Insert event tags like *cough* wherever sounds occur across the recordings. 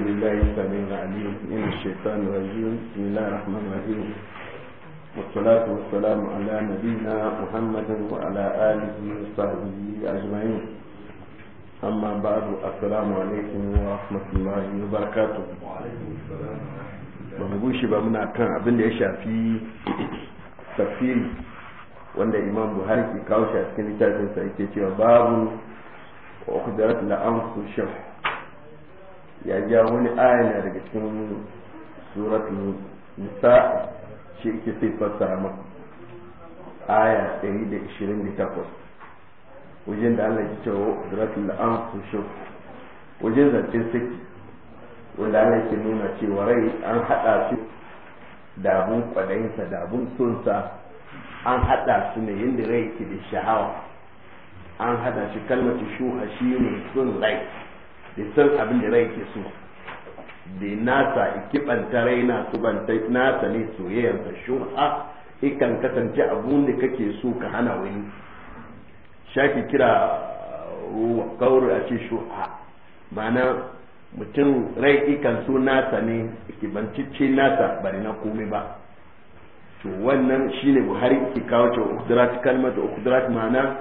أعوذ بالله السميع العليم من الشيطان الرجيم بسم الله الرحمن الرحيم والصلاة والسلام على نبينا محمد وعلى آله وصحبه أجمعين أما بعد السلام عليكم ورحمة الله وبركاته وعليكم السلام ba mu gushe ba muna kan abin da ya shafi tafsiri wanda imam buhari ke kawo shi a cikin littafinsa ya ja wani aya na daga cikin suratul nisa shi yake sai a maka aya 128 wajen da Allah ya ce wa suratul anfushu wajen zancen saki wanda Allah yake nuna cewa rai an hada su da abun kwadayinsa da abun sonsa an hada su ne yadda rai ke da sha'awa an hada shi kalmar shuha shi ne sun rai da san abin da rai ke so da nasa ikibanta rai na ta nasa ne soyayyarsa shubha ikan kasance abun da kake so ka hana wani shafi kira uh, kawar a ce shubha ma'ana mutum rai ikan so nasa ne ce nasa bari na komai ba to wannan shine buhari ke kawo cewa ukudurat kalmar da ukudurat ma'ana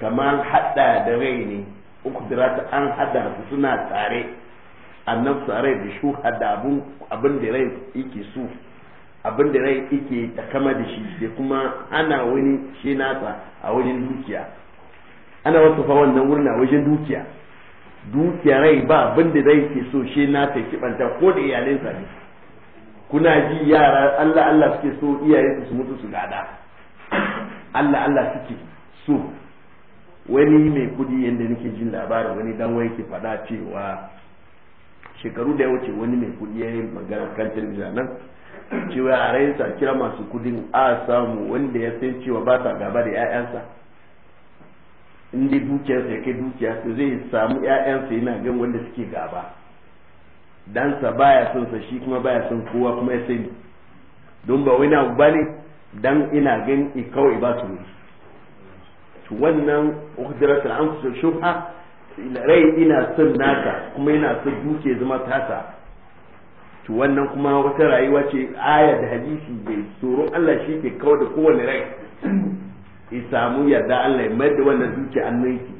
kamar hada da rai ne ukubirata an hada su suna tare annab tare da shu hada abun abin da rai yake so abin da rai yake takama da shi da kuma ana wani shi nasa a wajen dukiya ana wasu fa wannan wurin a wajen dukiya dukiya rai ba abin da rai ke so shi nasa kibanta ko da iyalinsa ne kuna ji yara Allah Allah suke so iyayensu su mutu su gada Allah Allah suke so wani mai kudi yadda nake jin labarin wani dan wai ke fada cewa shekaru da ya wuce wani mai kudi ya yi magana kan talabijin nan cewa a raisa kira masu kudin a samu wanda ya san cewa ba sa gaba da 'ya'yansa inda dukiyarsa ya kai dukiya su zai samu 'ya'yansa yana gan wanda suke gaba dansa baya son sa shi kuma baya son kowa kuma ya sani don ba wani abu ne dan ina gan kawai ba su wuri to wannan uhdiratul anfus shubha rai ina son naka kuma ina son duke zama tasa to wannan kuma wata rayuwa ce aya da hadisi da tsoron Allah shi ke kawar da kowane rai ya samu yarda Allah ya mayar da wannan dukiya annanki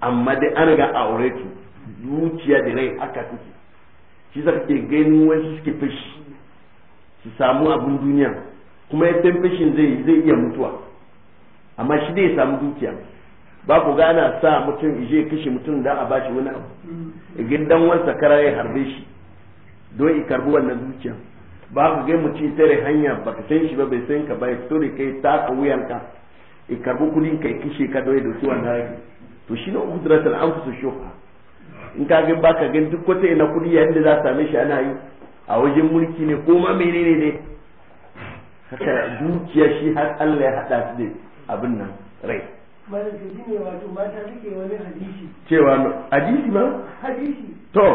amma dai an ga aure ki zuciya da rai aka take shi za ke ganin wasu suke fashi su samu abin duniya kuma ya fashin zai zai iya mutuwa amma shi ya samu dukiya ba ku gana sa mutum ije kashe mutum da a bashi wani abu gindan wansa kara ya harbe shi don i karbi wannan dukiya ba ku ga ci tare hanya ba ka san shi ba bai san ka ba ya fito da kai wuyan ka i karbi kudin kai kashe ka don ya wannan rai to shi ne udratul anfusu shuha in ka ga baka gan duk wata ina kudi yayin da za same shi ana yi a wajen mulki ne ko ma menene ne haka dukiya shi har Allah ya hada su ne abin nan rai cewa hadisi ba hadisi to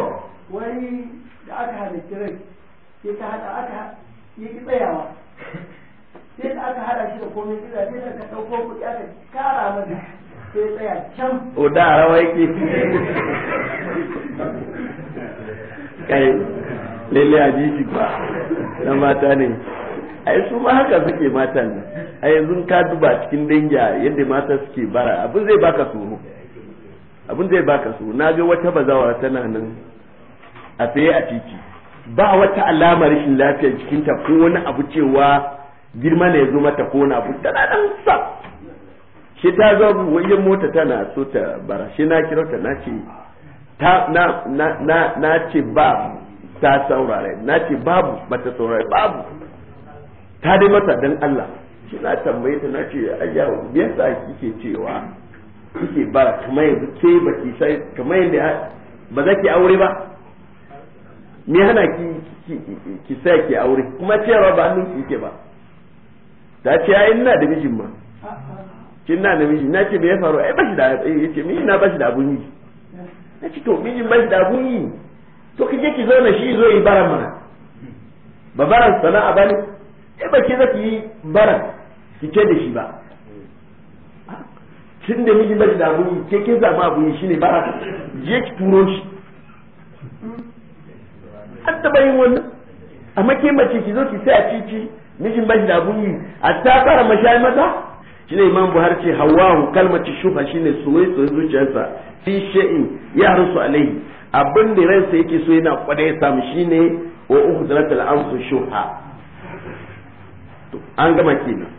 wani da aka halitta rai ya ta hada aka ya ki tsayawa sai da aka hada shi da komai tsira sai da ka dauko kuɗi aka kara mata sai tsaya can o da rawa yake kai lele hadisi ba na mata ne ai su ma haka suke matan a yanzu ka duba cikin dangi yadda mata suke bara abin zai baka tsoro abin zai baka tsoro na ga wata bazawara tana nan a tsaye a titi ba wata alamar rashin lafiya jikinta ko wani abu cewa girma ne ya zo mata ko wani abu tana nan sa shi ta zo wajen mota tana so ta bara shi na kira ta na ce ta na na na ce ba ta saurare na ce babu bata saurare babu ta dai masa dan Allah shi na tambaye ta nace ayya ayya yasa kike cewa kike ba kamar yanzu ke baki sai kamar yanda ba za ki aure ba me hana ki ki sai ki aure kuma ce ba hannun ki ba ta ce ai ina da mijin ma kin na da mijin na ce me ya faru ai ba shi da eh, yace me ina ba shi da abun yi na to mijin ba shi da abun yi to kike ki zo na shi zo yi bara mana ba baran sana'a bane eh ba ke zaki yi bara ki ce da shi ba cin da miji bai da abu ke ke zama abu shi ne bara je ki turo shi an taba yin wannan amma ke mace ki zo ki sai a cici mijin bai da abu ne a ta fara mashayi mata shi ne imam buhari ce hawahu kalmar shuka shi ne soye soye zuciyarsa fi sha'in ya rusu alai abin da ransa yake so yana kwada ya samu shi ne wa uhdratul amsu shuha To an gama kenan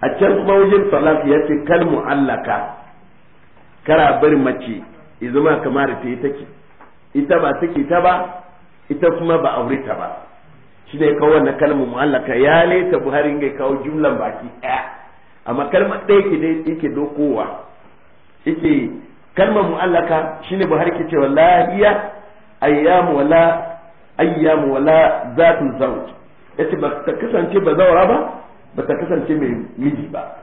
a can kuma wajen talaf ya ce kal mu'allaka kara bari mace izuma kamar ta yi take ita ba take ta ba ita kuma ba aure ta ba shi ne kawo wannan kalmar mu'allaka ya leta buhari ga kawo jumlan baki ɗaya amma kalmar ɗaya ke dai yake dokowa yake kalmar mu'allaka ne buhari ke cewa lahiya ayyamu wala ayyamu wala zatul zawj yace ba ta kasance ba zaura ba ba ta kasance mai miji ba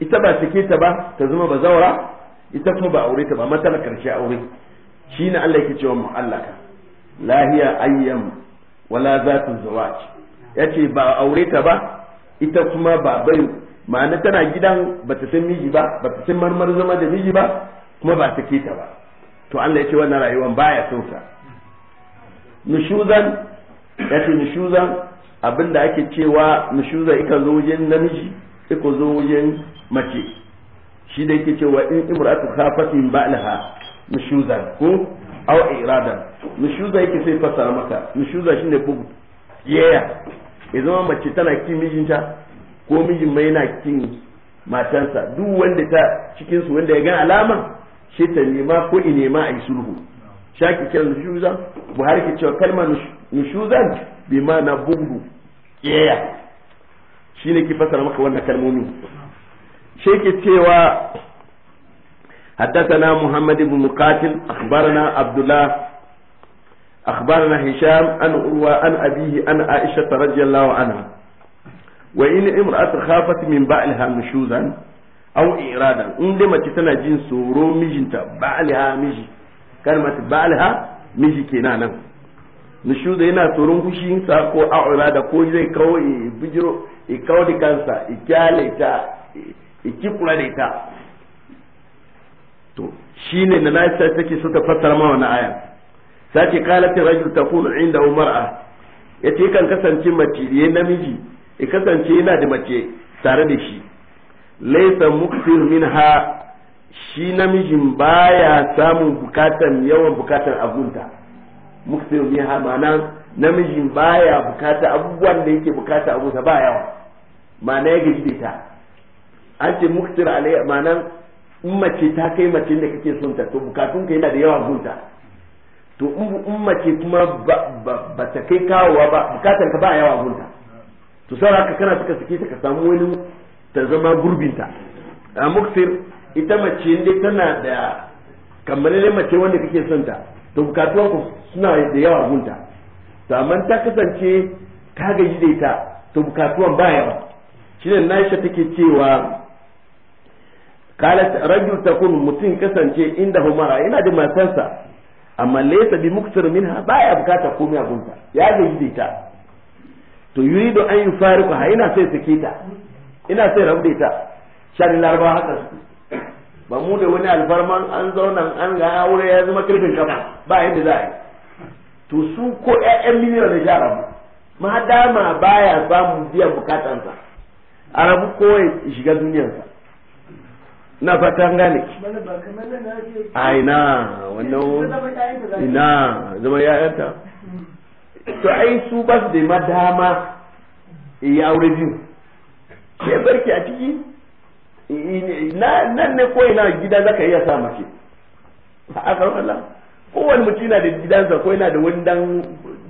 ita ba take ta ba ta zama ba zaura ita kuma ba aure ta ba mata na karshe aure shi ne Allah yake cewa mu'allaka lahiya ayyam wala zatu zawaj yace ba aure ta ba ita kuma ba bai ma'ana tana gidan ba ta san miji ba ba ta san marmar zama da miji ba kuma ba ta ta ba to Allah ya ce wannan rayuwar baya sauka ta nushuzan ya ce nushuzan abinda ake cewa nushuza ika zo wajen namiji ika zo wajen mace shi da yake cewa in imratu khafatin ba'laha nushuzan ko aw irada nushuza yake sai fasa maka shi shine bugu yaya ya zama mace tana kin mijinta ko mijin mai yana kin matansa duk wanda ta cikin su wanda ya ga alama shi ta nema ko inema a yi sulhu shaki kyan nushuza buhari ke cewa kalmar nushuzan bi ma'ana bugu kiyaya shine ki fasara maka wannan kalmomi shi ke cewa حدثنا محمد بن مقاتل أخبرنا عبد الله أخبرنا هشام أن أروى أن أبيه أن عائشة رضي الله عنها وإن امرأة خافت من بعلها نشوزا أو إرادا إن لما تتنا جنس رومي جنتا بعلها مجي كلمة بعلها مجي كنانا nushu da yana tsoron fushinsa ko a'ura da ko zai kawo bijiro kawo da kansa ikyale ta ikikula da ita to shine na lafiya take so ta fassara ma wani aya sace qalat rajul takunu inda ya ce kan kasance mace yi namiji ya kasance yana da mace tare da shi laysa muktir minha shi namijin baya samun bukatan yawan bukatan abunta muktir biha ma'ana namiji baya bukata abubuwan da yake bukata abu ta ba yawa ma'ana ya gaji ta an ce muktir alayya ma'ana in mace ta kai mace da kake son ta to bukatun ka yana da yawa gunta to in mace kuma ba ta kai kawowa ba bukatar ka ba yawa gunta to ka kana suka sake ta ka samu wani ta zama gurbinta a muktir ita mace inda tana da kamar mace wanda kake son ta to bukatuwan ku suna da yawa gunta to amma ta kasance ka ga da ita to bukatuwan ba yawa shine Naisha take cewa قالت rajul takun mutum kasance inda مرأة ina da matarsa amma laysa bi muktar minha baya bukata komai a gunta ya ga da ita to yurido an yufariku ha ina sai sake ta ina sai rabdeta da ita haka su ba mu da wani alfarman an zauna an ga aure ya zama kirkin kafa ba yadda za a yi to su ko ƴaƴan miliyan da jara ma dama baya samun biyan bukatansa arabu kawai ya shiga duniyansa na fatan gane a na wannan ina zama yayanta to ai su ba su da ma dama ya aure biyu ke barki a ciki nan ne ko ina gida zaka iya sa mace ba a karfala kowane mutum na da gidansa ko yana da wani dan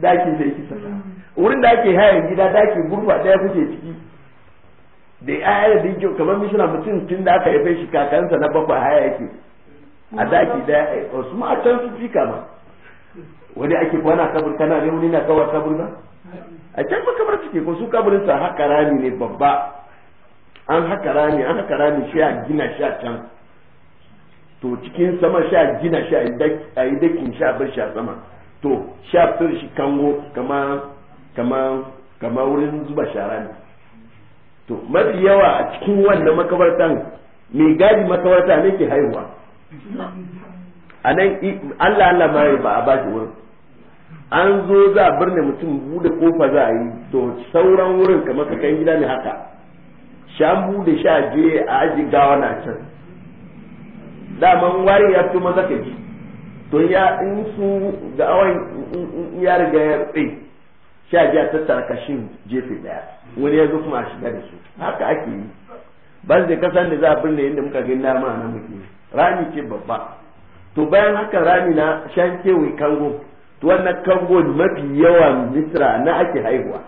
dakin da yake sasa wurin da ake hayan gida daki gurba daya kuke ciki da ayar da yake kamar mishina mutum tun da aka haife shi kakansa na babba haya yake a daki daya eh, su ma a can su fika ma wani ake kwana kabur kana ne wani na kawar kabur ba a can ba kamar suke ko su kaburin sa haka rami ne babba an haka rami an haka rami shi a gina shi a can to cikin sama shi a gina shi a yi dakin a bar a sama to shi a fitar shi kango kama kama kama wurin zuba shara ne to mafi yawa a cikin wannan makabartan mai gadi makabarta ne ke haihuwa a nan Allah Allah ma ba a bashi wurin an zo za a birne mutum bude kofa za a yi to sauran wurin kamar kakan gida ne haka shambu da sha je a aji gawa na can daman wari ya fito maza ka ji to ya in su gawan ya riga ya tsaye sha je a tattara kashin jefe daya wani ya zo kuma a shiga da su haka ake yi ban zai kasan da za a binne inda muka gani ma a nan muke rami ce babba to bayan haka rami na shan kewai kango to wannan kango mafi yawan misra na ake haihuwa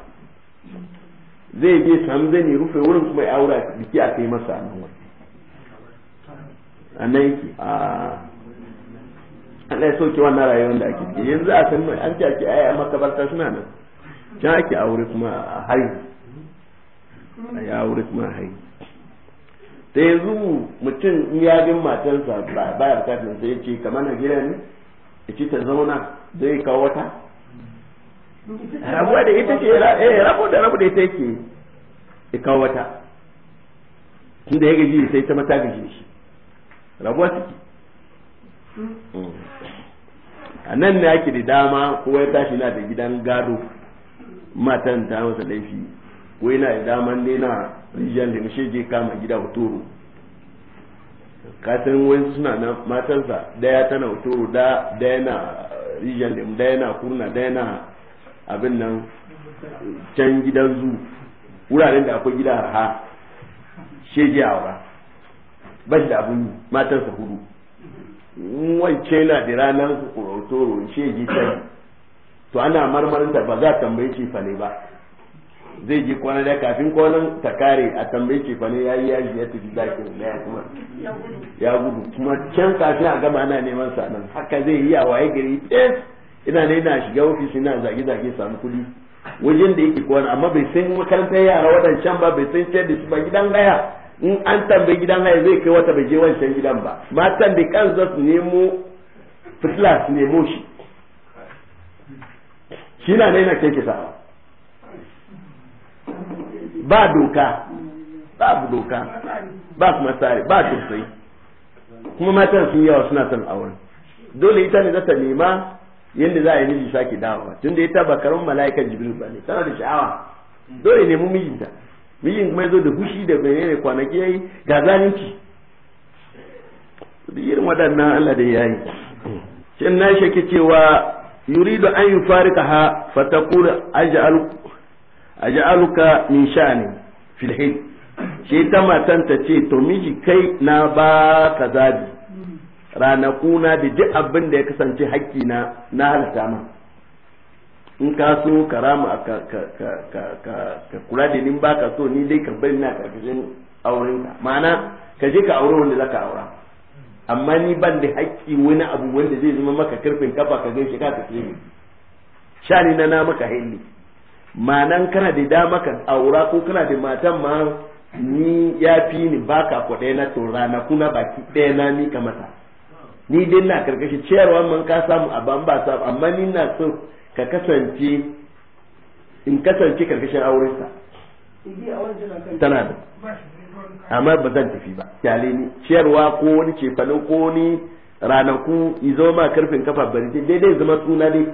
zai je samu zane rufe wurin kuma ya aura biki a kai masa a nan wani a nan yake a Allah ya soke wannan rayuwar da ake ciki yanzu a san an ce ake ai a makabarta suna nan can ake aure kuma a hari a ya aure kuma a hari ta yanzu mutum in ya bin matansa ba ya bukatar sai ya ce kamar na gida ne ya ce ta zauna zai kawo wata rabuwa da ita ce eh rabu da rabu da ita yake ya kawo wata tunda ya gaji sai ta mata gaji shi rabuwa take a nan ne ake da dama ko ya tashi na da gidan gado matan ta masa laifi ko yana da dama ne na rijiyar da mishe je kama gida hotoro kasan wani suna na matansa daya tana hotoro da daya na rijiyar da daya na kurna daya na abin nan can gidan zu wuraren da akwai gida harha shege aura ban da abin sa hudu wance na da ranar kurotoro shege can to ana marmarin da ba za a tambaye ce fa ne ba zai je kwana da kafin kwanan ta kare a tambaye ce fa ne ya yi yaji ya tafi zakin ya kuma ya gudu kuma can kafin a gama ana neman sa nan haka zai yi a waye gari yes eh, ina ne ina shiga ofis ina zage zage samu kudi wajen da yake kwana amma bai san makarantar yara wadancan ba bai san ce da su ba gidan haya in an tambayi gidan haya zai kai wata bai je wancan gidan ba matan da kan za su nemo fitila su nemo shi shi na ne na keke sa ba doka ba doka ba kuma tsari ba tausayi kuma matan sun yawa suna son auren dole ita ne za ta nema yadda za a yi miji sake dawowa tun da ya taba karon mala'ikan jibril ba ne tana da sha'awa dole ne mu mijinta mijin kuma ya zo da fushi da bai ne kwanaki ya yi ga zalunci duk irin waɗannan Allah da ya yi shin na shake cewa yuridu an yi yufarikaha fataqul aj'al aj'aluka min sha'ni fil hil shi ta matanta ce to miji kai na ba ka zabi ranakuna da duk abin da ya kasance hakki na na halitta ma in ka so ka rama ka ka kula da ni ba ka so ni dai ka bari na karkashin ka ma'ana ka je ka aure wanda zaka aura amma ni ban da hakki wani abu wanda zai zama maka karfin kafa ka gaishe ka ta ni shani na na maka hilli ma'anan kana da dama ka aura ko kana da matan ma ni ya fi ni baka ku na to ranaku na baki ɗaya na ni ka mata ni dai na karkashin ciyarwa mun ka samu a ban ba samu amma ni na so ka kasance in kasance karkashin sa. tana da amma ba zan tafi ba kyale ni ciyarwa ko wani cefane ko ni ranaku izo ma karfin kafa bari dai dai zama suna dai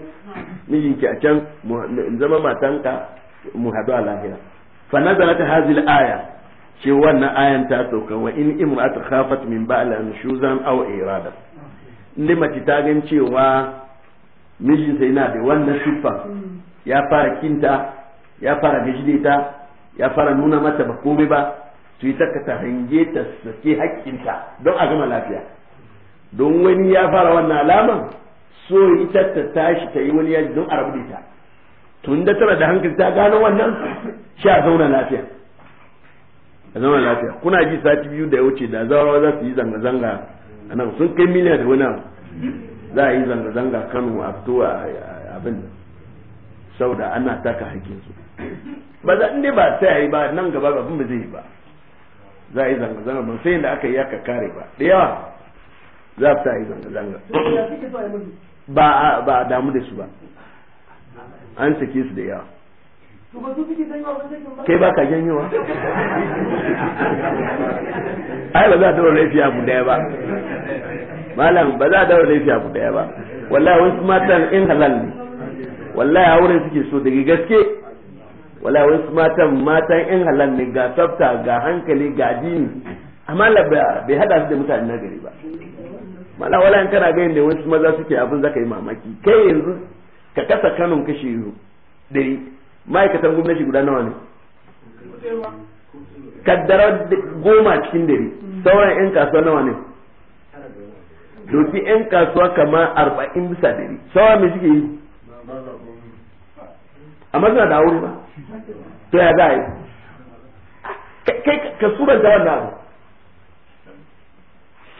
ki a can zama matanka mu hadu a lahira fa nazarat hazil aya ce wannan ayan ta sauka wa in imra'atu khafat min ba'la nushuzan aw irada inda mace ta gan cewa mijinsa yana da wannan siffa mm. ya fara kinta ya fara gajideta ya fara nuna mata ba komai ba su yi taka ta hange ta sake haƙƙinta don a gama lafiya don wani ya fara wannan alaman so ita ta tashi ta yi wani yaji don a rabu da ita tun da tana da hankali ta gano wannan shi a zauna lafiya a zauna lafiya kuna ji sati biyu da ya wuce da zawarwa za su yi zanga-zanga ana sun kai miliyan da wani za a yi zanga-zanga kano a fito a abin saboda ana taka haƙƙinsu ba za inda ba ta yi ba nan gaba abin ba zai yi ba za a yi zanga-zanga ba sai da aka yi aka kare ba da yawa za ta yi zanga-zanga ba a damu da su ba an sake su da yawa kai ba ka janyowa ai ba za a daura laifi abu daya ba malam ba za a daura laifi abu daya ba wallahi wasu matan in halal ne wallahi wurin suke so daga gaske wallahi wasu matan matan in halal ne ga tsafta ga hankali ga dini amma bai hada su da mutane na gari ba mala wala in kana ganin da wasu maza suke abin zaka yi mamaki kai yanzu ka kasa kanun kashi dari ma'aikatan gwamnati guda nawa ne kaddara goma cikin dare sauran 'yan kasuwa nawa ne doki 'yan kasuwa kama arba'in bisa dare sauran mai suke yi amma suna da wuri ba to ya za a yi kai ka suranta wannan abu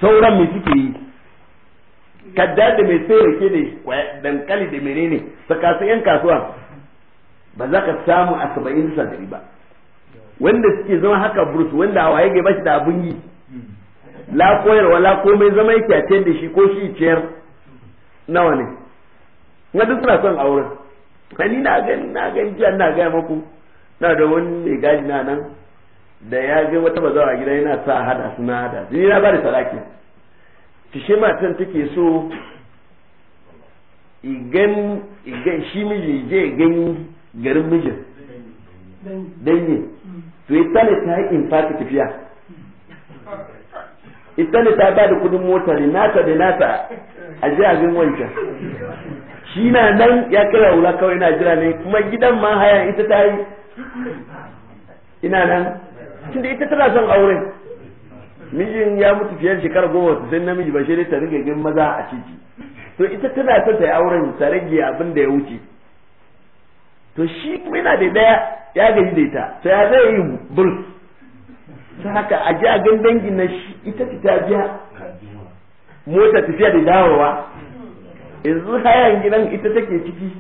sauran mai suke yi kaddara da mai sai rake da dankali da menene tsakasin 'yan kasuwa ba za ka samu a saba'in bisa dari ba wanda suke zama haka burus wanda a waye ba shi da abin yi la koyarwa la komai zama yake a da shi ko shi ciyar nawa ne na duk suna son auren ni na gani na gani jiya na gaya maku na da wani mai gaji na nan da ya ga wata bazawa a gida yana sa hada suna hada ni na ba da saraki ki shi matan take so igan igan shi miji je gani garin mijin danye to ita ne ta yi infati tafiya ita ne ta bada kudin mota ne nata da nata a abin wancan shi na nan ya kira wula kawai na jira ne kuma gidan ma haya ita ta yi ina nan tunda ita tana son auren mijin ya mutu fiye shekara goma su sai namiji ba shi ne ta rage maza a ciki to ita tana son ta yi auren ta rage abin da ya wuce to shi kuma yana da daya ya gaji da ita to ya zai yi burs ta haka a ji a gan dangin na shi ita ta biya mota tafiya da dawowa yanzu hayan gidan ita take ciki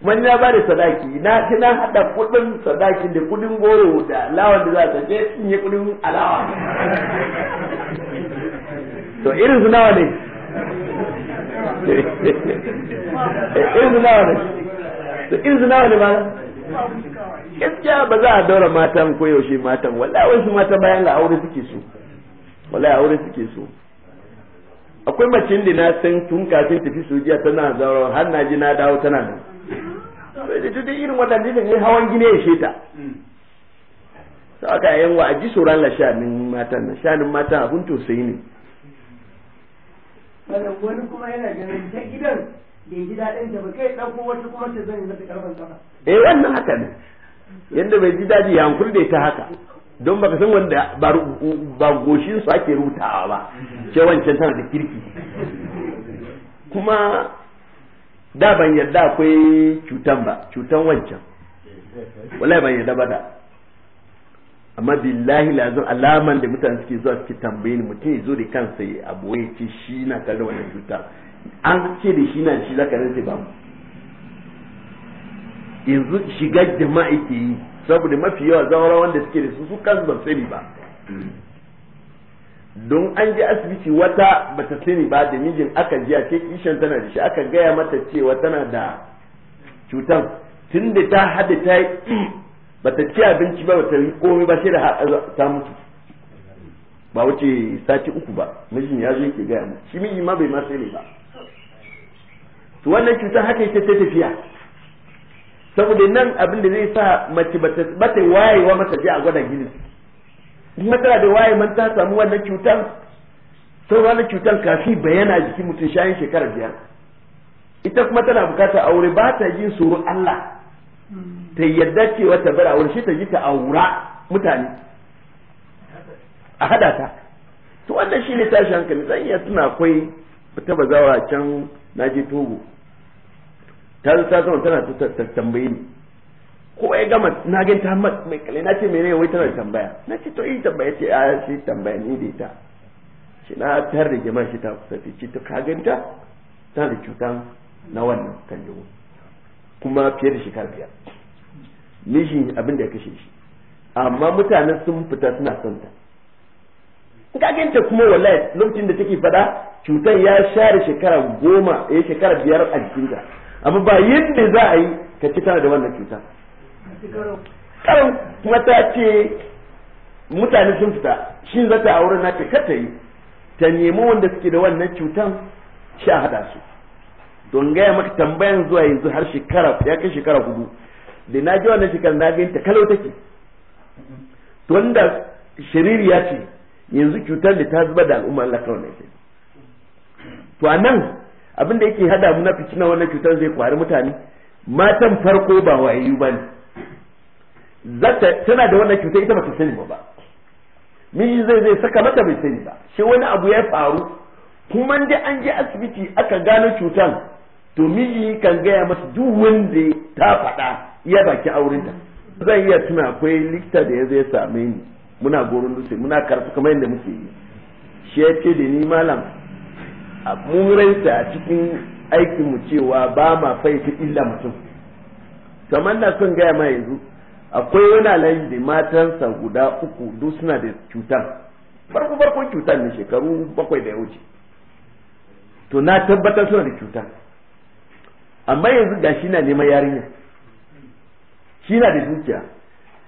man ya ba da sadaki na tana hada kudin sadakin da kudin goro da lawan da za ta je sun yi kudin alawa to irin su nawa ne *laughs* irin su nawa ne da zina wani ba gaskiya ba za a daura matan ko yaushe matan wallahi wasu mata bayan la aure suke so wallahi aure suke so akwai macin da na san tun kafin tafi sojiya tana zaura har na ji na dawo tana nan sai da duk irin waɗanda da ne hawan gine ya sheta saboda aka yayin wa a ji tsoron la shanin matan na shanin matan abun tosai ne wani kuma yana ganin ta gidan bai ji daɗin ta ba kai ɗauko wata kuma ta mata kafa eh wannan haka ne yadda bai ji daji ya hankul da ita haka don baka san wanda ba goshin su ake rutawa ba ce wancan tana da kirki kuma da ban yarda akwai cutan ba cutan wancan wallahi ban yarda ba da amma billahi lazim alaman da mutane suke zuwa suke tambaye ni mutum ya zo da kansa ya abu ya ce shi na tare wannan cuta an ce da shi na shi zaka rantse ba yanzu shiga jama'a ke yi saboda mafi yawa zawara wanda suke da su su kansu ba sani ba don an je asibiti wata bata sani ba da mijin aka jiya ke ce kishan tana da shi aka gaya mata cewa tana da cutan da ta hada ta yi bata ci abinci ba bata yi komai ba sai da ta mutu ba wuce sati uku ba mijin ya zo yake gaya mu shi mijin ma bai ma sani ba to wannan cutar haka yake ta tafiya saboda nan abin da zai sa mace ba ta wayewa mata je a gwada gini in matsala da waye man ta samu wannan cutar sai wannan cutar kafi bayana jikin mutum shayin shekara biyar ita kuma tana bukatar aure ba ta jin tsoron Allah ta yadda cewa ta bar aure shi ta ji ta aura mutane a hada ta to wannan shine tashi hankali zan iya tuna akwai ta bazawa can naje Togo ta zo ta zama tana ta tambaye ni ko ya gama na gan ta mai kale na ce mene wai tana tambaya na ce to yi tambaya ce a ah, shi tambaya ni da ita shi na tar da jama'a shi ta kusa ce to ka ganta ta da cutan na wannan kan kuma fiye da shekara biyar nishin abin da ya kashe shi amma mutane sun fita suna son ta ka ganta kuma wallahi lokacin da take fada cutan ya share shekara goma ya eh, shekara biyar a jikinta abu ba yadda za a yi ka ci tara da wannan cuta karin kuma ta ce mutane sun fita shi za ta aure na ta kata yi ta nemi wanda suke da wannan cutan shi a hada su don gaya maka tambayan zuwa yanzu har shekara ya kai shekara hudu da na ji wannan shekara na gani ta kalau take don da shiririya ce yanzu cutar da ta zuba da al'umma Allah kawai ne to a abin da yake hada mu na fitina wannan cutar zai kwari mutane matan farko ba wayayyu ba ne zata tana da wannan cutar ita ba ta sani ba miji zai zai saka mata bai sani ba shi wani abu ya faru kuma da an je asibiti aka gano cutar to miji kan gaya masa duk wanda ta faɗa iya baki aurenta zan iya tuna akwai likita da ya zai same ni muna goron dutse muna karatu kamar yadda muke yi shi ya ce da ni malam a muransa a cikin aikin mu cewa ba ma faita illa mutum kamar na son gaya ma yanzu akwai wani alayi da matansa guda uku duk suna da cutar farko farkon cutar ne shekaru bakwai da ya wuce to na tabbatar suna da cutar amma yanzu ga shi na neman yarinya shi na da dukiya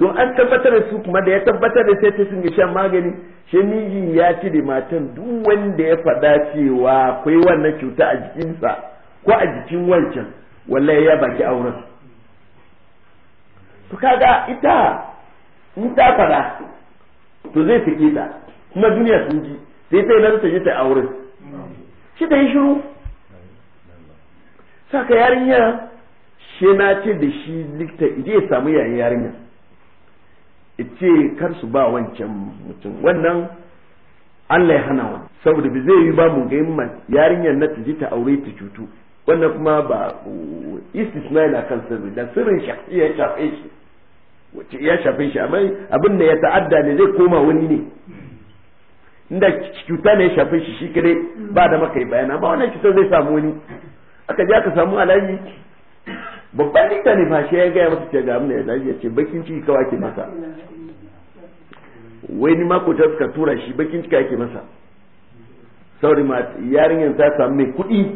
Don an tabbatar da su kuma da ya tabbatar da sai ta sun shan magani shi mijin ya ci da matan duk wanda ya faɗa cewa akwai wannan cuta a jikinsa ko a jikin wancan wallahi ya baki auren to kaga ita in ta faɗa to zai fike ta kuma duniya sun ji sai ta nan ta yi ta auren shi ta yi shiru saka yarinya shi na ce da shi likta ije ya samu yayin yarinya ce kar su ba wancan mutum wannan Allah ya hana wa saboda bi zai yi ba mu gaimman yarinyar na ta ji ta aure ta cutu wannan kuma ba uh, istisna yana kan sirri da sirrin shafi ya shafe shi wace ya shafe shi amma abin da ya ta'adda ne zai koma wani ne inda cuta ne ya shafe shi shi kare ba da maka bayana ba wannan cutar zai samu wani aka je aka samu alayi babban likita ne fashe ya gaya masa cewa ga amina ya ce bakin ciki kawai ke masa wai ni mako ta suka tura shi bakin cika yake masa saboda ma yarinyar ta samu mai kuɗi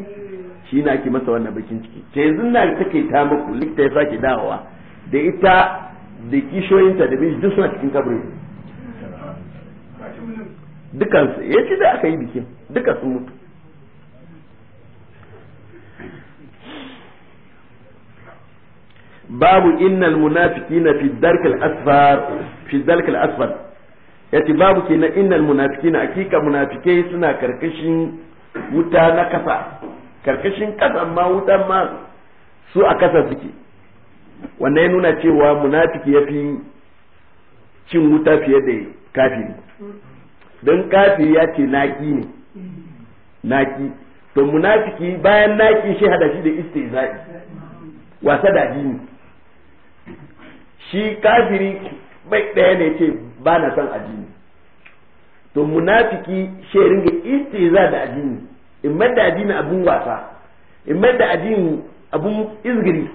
shi na ake masa wannan bakin ciki ce yanzu na take ta muku likita ya sake dawowa da ita da kishoyinta da bishi duk suna cikin kabri dukansu ya ci da aka yi bikin duka sun mutu babu innal munafiqina fi dark asfar fi dark asfar yace babu kenan innal munafikina akika munafike suna karkashin wuta na kasa karkashin kasa ma wutan ma su a kasa suke wannan ya nuna cewa munafiki yafi cin wuta fiye da kafiri don kafiri ya ce naki ne naki to munafiki bayan naki shi hada shi da istizai wasa da addini shi kafiri bai daya ne ce ba na son addini to munafiki shi ringa istiza da addini in mai da addini abun wasa in mai da addini abun izgiri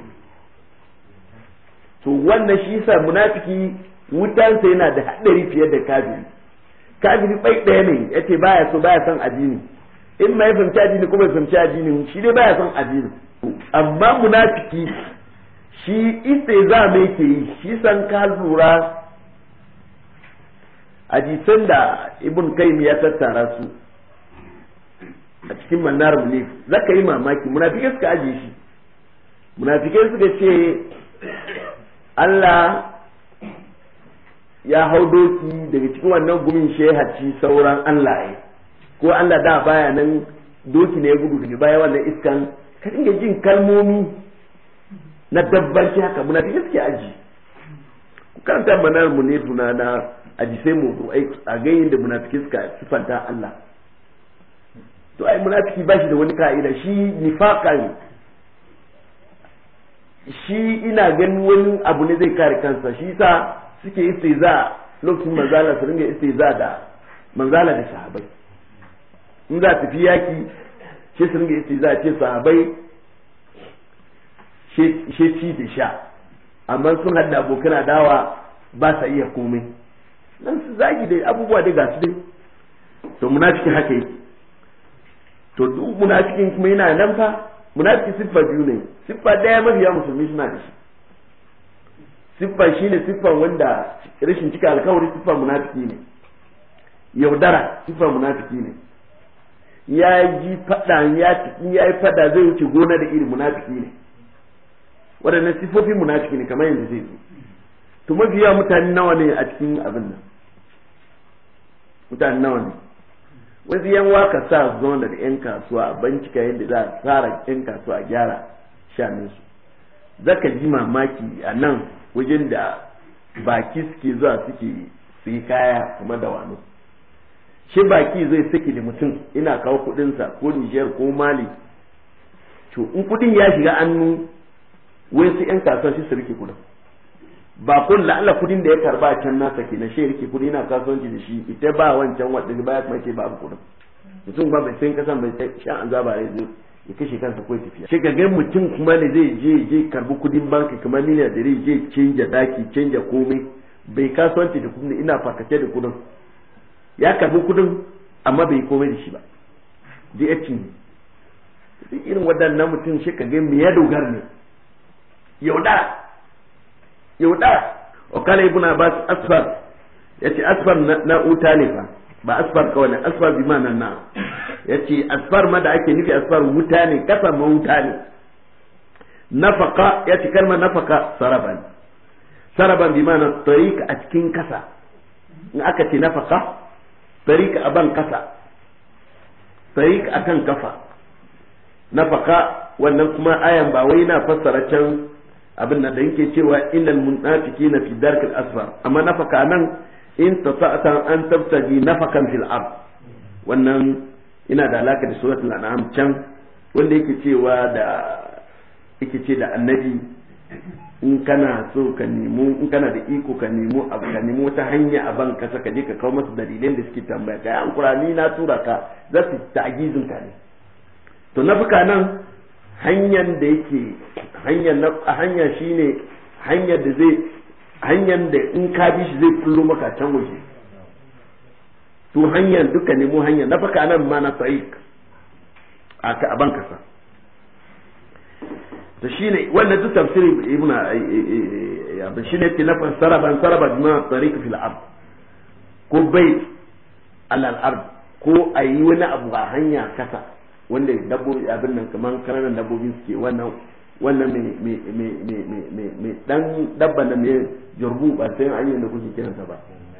to wannan shi sa munafiki wutansa yana da haɗari fiye da kafiri kafiri bai ɗaya ne yace baya so baya son addini in ma ya fahimci addini kuma ya fahimci addini shi dai baya son addini amma munafiki shi istiza mai ke yi shi san ka lura hadisan da ibn kaim ya tattara su a cikin manar mulif zaka yi mamaki munafikai suka aje shi munafikai suka ce Allah ya hau doki daga cikin wannan gumin shehaci sauran Allah ya ko Allah da baya nan doki ne ya gudu daga baya wannan iskan ka dinga jin kalmomi na shi haka munafikai suke aji ku karanta manar mulif na hadisai mawdu'ai a ganyen da munafiki suka sifanta Allah to ai munafiki ba shi da wani ka'ida shi nifaka ne shi ina ganin wani abu ne zai kare kansa shi sa suke istiza lokacin manzala su ringa istiza da manzala da sahabai in za tafi yaki shi su ringa istiza ce sahabai she ci da sha amma sun hada abokan adawa ba sa iya komai nan su zagi da abubuwa da gasu dai to munafiki haka yake to duk munafikin kuma yana nan fa munafiki siffa biyu ne siffa daya mafiya musulmi suna da shi siffa shine siffa wanda rashin cika alkawari siffa munafiki ne yaudara siffa munafiki ne ya ji fada ya ya yi fada zai wuce gona da iri munafiki ne waɗannan siffofin munafiki ne kamar yanzu zai zo to mafiya mutane nawa ne a cikin abin nan mutane nawa ne wasu yan waka sa zona da yan kasuwa a bincika yadda za a tsara yan kasuwa a gyara shanin su zaka ji mamaki a nan wajen da baki suke zuwa suke su kaya kuma da wani shi baki zai saki da mutum ina kawo kudinsa ko nijiyar ko mali to in kudin ya shiga annu wai su yan kasuwa shi su rike kudin ba kun la'alla kudin da ya karba can nasa ke na shirki kudi na kasuwanci da shi ita ba wancan wadda ba ya kuma ke ba kudin mutum ba bai san kasan bai sha an zaba ya zo ya kashe kansa ko tafiya shi gan mutum kuma ne zai je je karbi kudin banki kamar miliyan da zai je canja daki canja komai bai kasuwanci da kudin ina fakace da kudin ya karbi kudin amma bai komai da shi ba dai ya cinye irin waɗannan mutum shi gan me ya dogar ne yaudara yauda wa kala ibn abbas asfar yace asfar na utalifa ba asfar kawai ne asfar bi ma'anar na yace asfar ma da ake nufi asfar wuta ne kasa ma wuta ne nafaka yace kalma nafaka saraban saraban bi ma'anar tariq a cikin kasa in aka ce nafaka tariq a ban kasa tariq akan kafa nafaka wannan kuma ayan ba wai na fassara can abin da yake cewa illal munafiqina fi darkil asfar amma nafaka nan in tata'ta an tabtaji nafakan fil ard wannan ina da alaka da suratul an'am can wanda yake cewa da yake ce da annabi in kana so ka nemo in kana da iko ka nemo abu ka nemo ta hanya a ban kasa ka je ka kawo masa dalilan da suke tambaya ka an kurani na tura ka za su ta'gizin ka ne to nafaka nan hanyar da yake hanyar na hanya shine hanyar da zai hanyar da in ka bi shi zai kullo maka can waje to hanyar duka nemo hanyar na faka nan ma na sa'ik a ka aban kasa to shine wannan duk tafsiri ibn eh, eh, eh, abin shine ke na fasara ban saraba bi ma tariq fil ard ko bai alal ard ko ayi wani abu a hanya kasa wanda dabbobi abin nan kamar karanan dabbobi suke wannan wannan mai dan dabba da mai jirgu ba sai an yi da kuke ta ba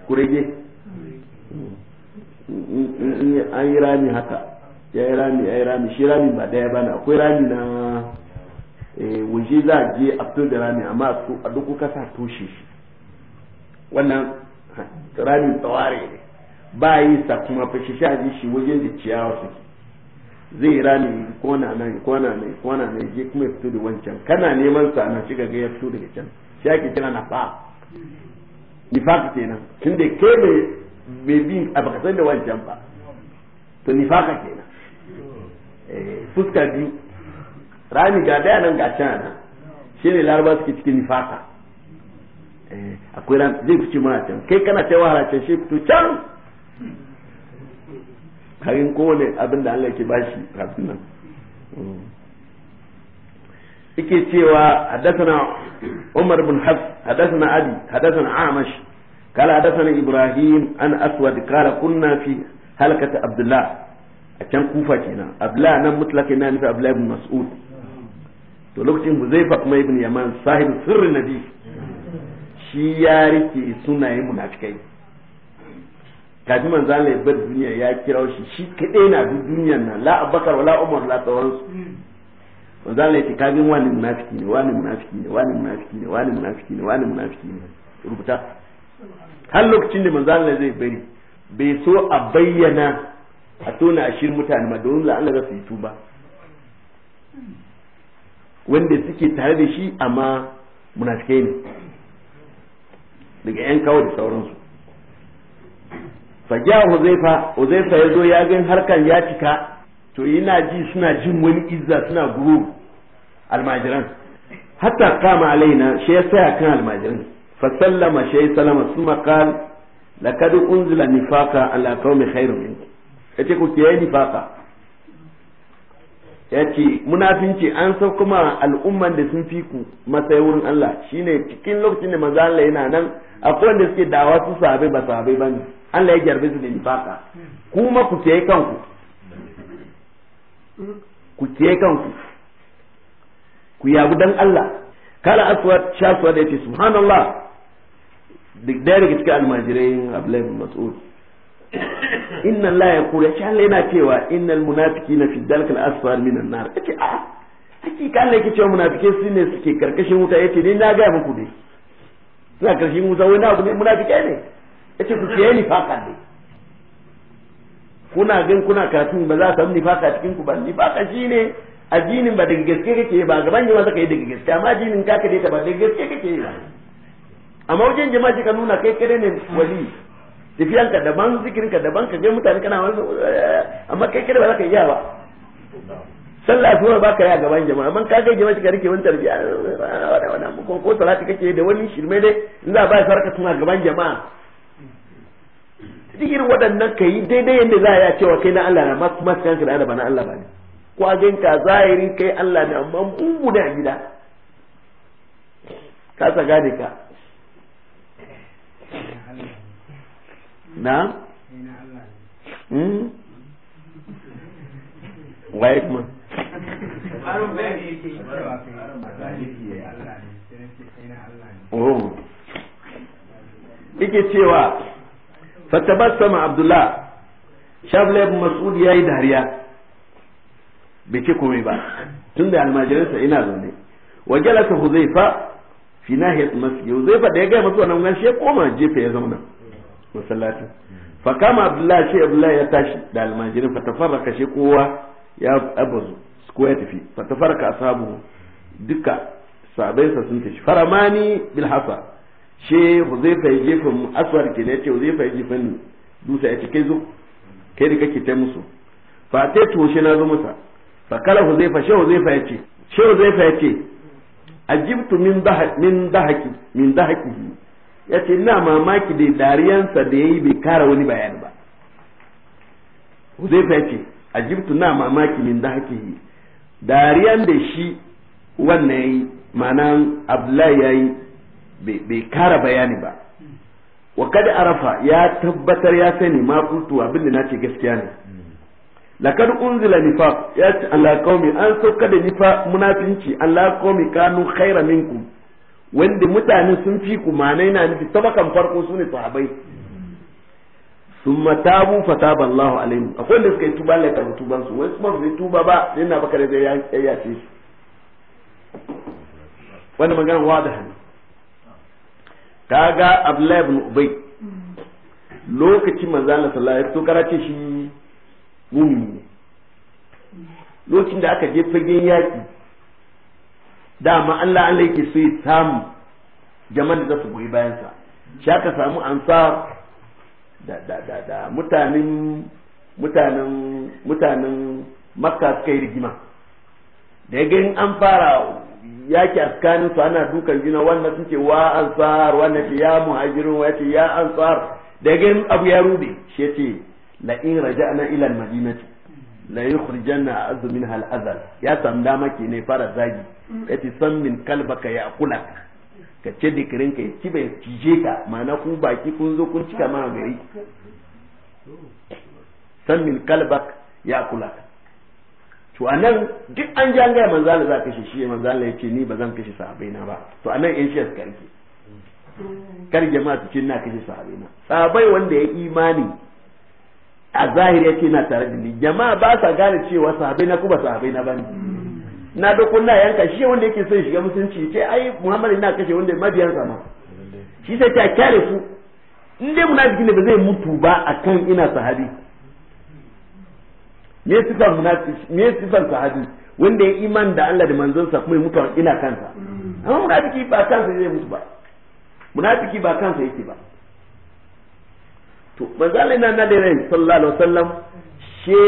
kurege mm, mm, mm, an yi rami haka ya yi rami ya yi rami shi rami ba daya bane akwai rami na eh, waje za a je a fito da rami amma a duk kasa toshe shi wannan rami tsawari ne ba yi sa kuma fashe shi a ji shi wajen da ciyawa suke zai rami kona nan kona nan kona nan je kuma ya fito da wancan kana neman sa na shiga ga ya fito daga can shi ake kira na fa nifaq kenan tunda ke ne mai bin a baka san da wancan ba to nifaka kenan eh fuska biyu rami ga daya nan ga can nan shine laraba suke cikin nifaka eh akwai ran zai fice mana can kai kana cewa haracin shi fito can harin kone abin da Allah ke ba shi kafin nan ike cewa haddathana Umar ibn Hafs haddathana Ali haddathana Amash kala haddathana Ibrahim an Aswad kala kunna fi halakata Abdullah a can kufa kenan Abdullah nan mutlaka yana nufi Abdullah bin Mas'ud to lokacin Huzaifa kuma ibn Yaman sahibi sirrin Nabi shi ya rike sunayen munafikai kafin manzo Allah ya bar duniya ya kira shi shi kadai na bi duniyar nan la abakar wala umar la tsawon su manzo Allah ya ce kafin wani munafiki ne wani munafiki ne wani munafiki ne wani munafiki ne wani munafiki ne rubuta har lokacin da manzo Allah zai bari bai so a bayyana a tona ashirin mutane ma don Allah za su yi tuba wanda suke tare da shi amma munafikai ne daga 'yan kawo da sauransu fajiya huzaifa huzaifa ya zo ya gan harkan ya cika to yana ji suna jin wani izza suna guru almajiran hatta kama alaina shi ya tsaya kan almajiran fa sallama shi ya sallama suma qal laqad unzila nifaka ala qaumi khairun yace ku kiyaye nifaqa yace munafinci an san kuma al'umman da sun fi ku matsayi wurin Allah shine cikin lokacin da manzo Allah yana nan akwai wanda suke dawa su sabe ba ba bane Allah ya jarbe su da nifaka kuma ku ce kanku ku ce kanku ku yabu dan Allah kala aswad shaswa da yace subhanallah duk da daga cikin almajirai Abdullahi bin Mas'ud inna Allah ya kula shi Allah yana cewa innal munafiqina fi dalkal asfar minan nar yace a ah, hakika Allah yake cewa munafike su ne suke karkashin wuta yace ni na ga muku dai suna karkashin wuta wai na ku ne munafike ne yace ku ni faka ne kuna gan kuna karatun ba za ka ni faka cikin ku ba nifaka shine ajinin ba daga gaske kake ba gaban jama'a zaka yi daga gaske amma ajinin ka kade ta ba daga gaske kake ba amma wajen jama'a ka nuna kai kare ne wali tafiyan ka daban zikirin ka daban ka ga mutane kana wani eh, amma kai kare ba zaka yi ba sallah su ba ka yi a gaban jama'a amma ka ga jama'a ka rike wani tarbiya eh, ko salati kake da wani shirme ne in za a ba sarka tuna a gaban jama'a sihir waɗannan ka yi daidai yadda za a ya cewa kai na Allah na masu masu kanka da adaba na Allah ba ne kwagen ka zahiri kai Allah ne amma ne da gida ka sa gane ka na hmm? waye kuma Oh. Ike cewa fatabassama abdullah shabla ibn mas'ud yayi dariya bai ce komai ba tunda almajiransa ina zaune wa jalasa huzaifa fi nahiyat masjid huzaifa da ya ga masu wannan shi ya koma jefe ya zauna masallaci fa kama abdullah shi abdullah ya tashi da almajirin fa tafarraka shi kowa ya abazu ko ya tafi fa tafarraka ashabu duka sabai sa sun tashi faramani bil hasa she huzaifa ya jefa mu aswar ke ne ce huzaifa ya jefa ni dusa ya ce kai zo kai da kake ta musu fa ta to she na zo masa fa kala huzaifa she huzaifa ya ce she huzaifa ya ce ajibtu min dah min dahaki min dahaki ya ce ina mamaki da dariyansa da yayi bai kara wani bayani ba huzaifa ya ce ajibtu na mamaki min dahaki dariyan da shi wannan yayi ma'anan abdullahi yayi bai kara bayani ba wa kada arafa ya tabbatar ya sani ma kuntu abin da nace gaskiya ne lakad unzila nifaq ya ce ala qaumi an sauka da nifa munafinci ala qaumi kanu khaira minkum wanda mutane sun fi ku manai na nufi tabakan farko sune sahabbai summa tabu fataba Allah alaihim akwai da suka yi tuba la karu tuban su wai kuma bai tuba ba sai na baka da ya yace shi wannan magana wadahan kaga abdullahi ibn ubay mm. lokacin manzo Allah sallallahu alaihi wasallam ya shi mumini ne lokacin da aka je fagen yaki dama Allah Allah yake so ya samu jama'a da su goyi bayan sa shi aka samu ansa da da da da mutanen mutanen mutanen makka suka yi rigima da ya an fara yaki a tsakanin su ana dukan juna wannan sun ce wa ansar wannan ce ya muhajirin wa ce ya ansar da ganin abu ya rube shi yace la in raja'na ila al-madinati la yukhrijanna az minha al-azal ya san dama ke ne fara zagi yace san min kalbaka ya kula ka ce dikirin ka ci bai cije ka ma'ana ku baki kun zo kun cika ma gari san min kalbak ya kula to anan duk an ji an gaya manzo Allah za kashe shi manzo Allah ce ni ba zan kashe sahabai na ba to anan in shi suka rike kar jama'a su ce na kashe sahabai na sahabai wanda ya imani a zahiri yace na tare da ni jama'a ba sa gane cewa sahabai na kuma sahabai na ni na da kunna yanka shi wanda yake son shiga musulunci ce ai Muhammad ina kashe wanda mabiyan sa ma shi sai ta kyale su in dai munafiki ne ba zai mutu ba akan ina sahabi me sifar munafi me sifar sahabi wanda ya iman da Allah da manzonsa kuma ya mutu ina kansa amma munafiki ba kansa zai mutu ba munafiki ba kansa yake ba to manzo Allah yana da rai sallallahu alaihi wasallam she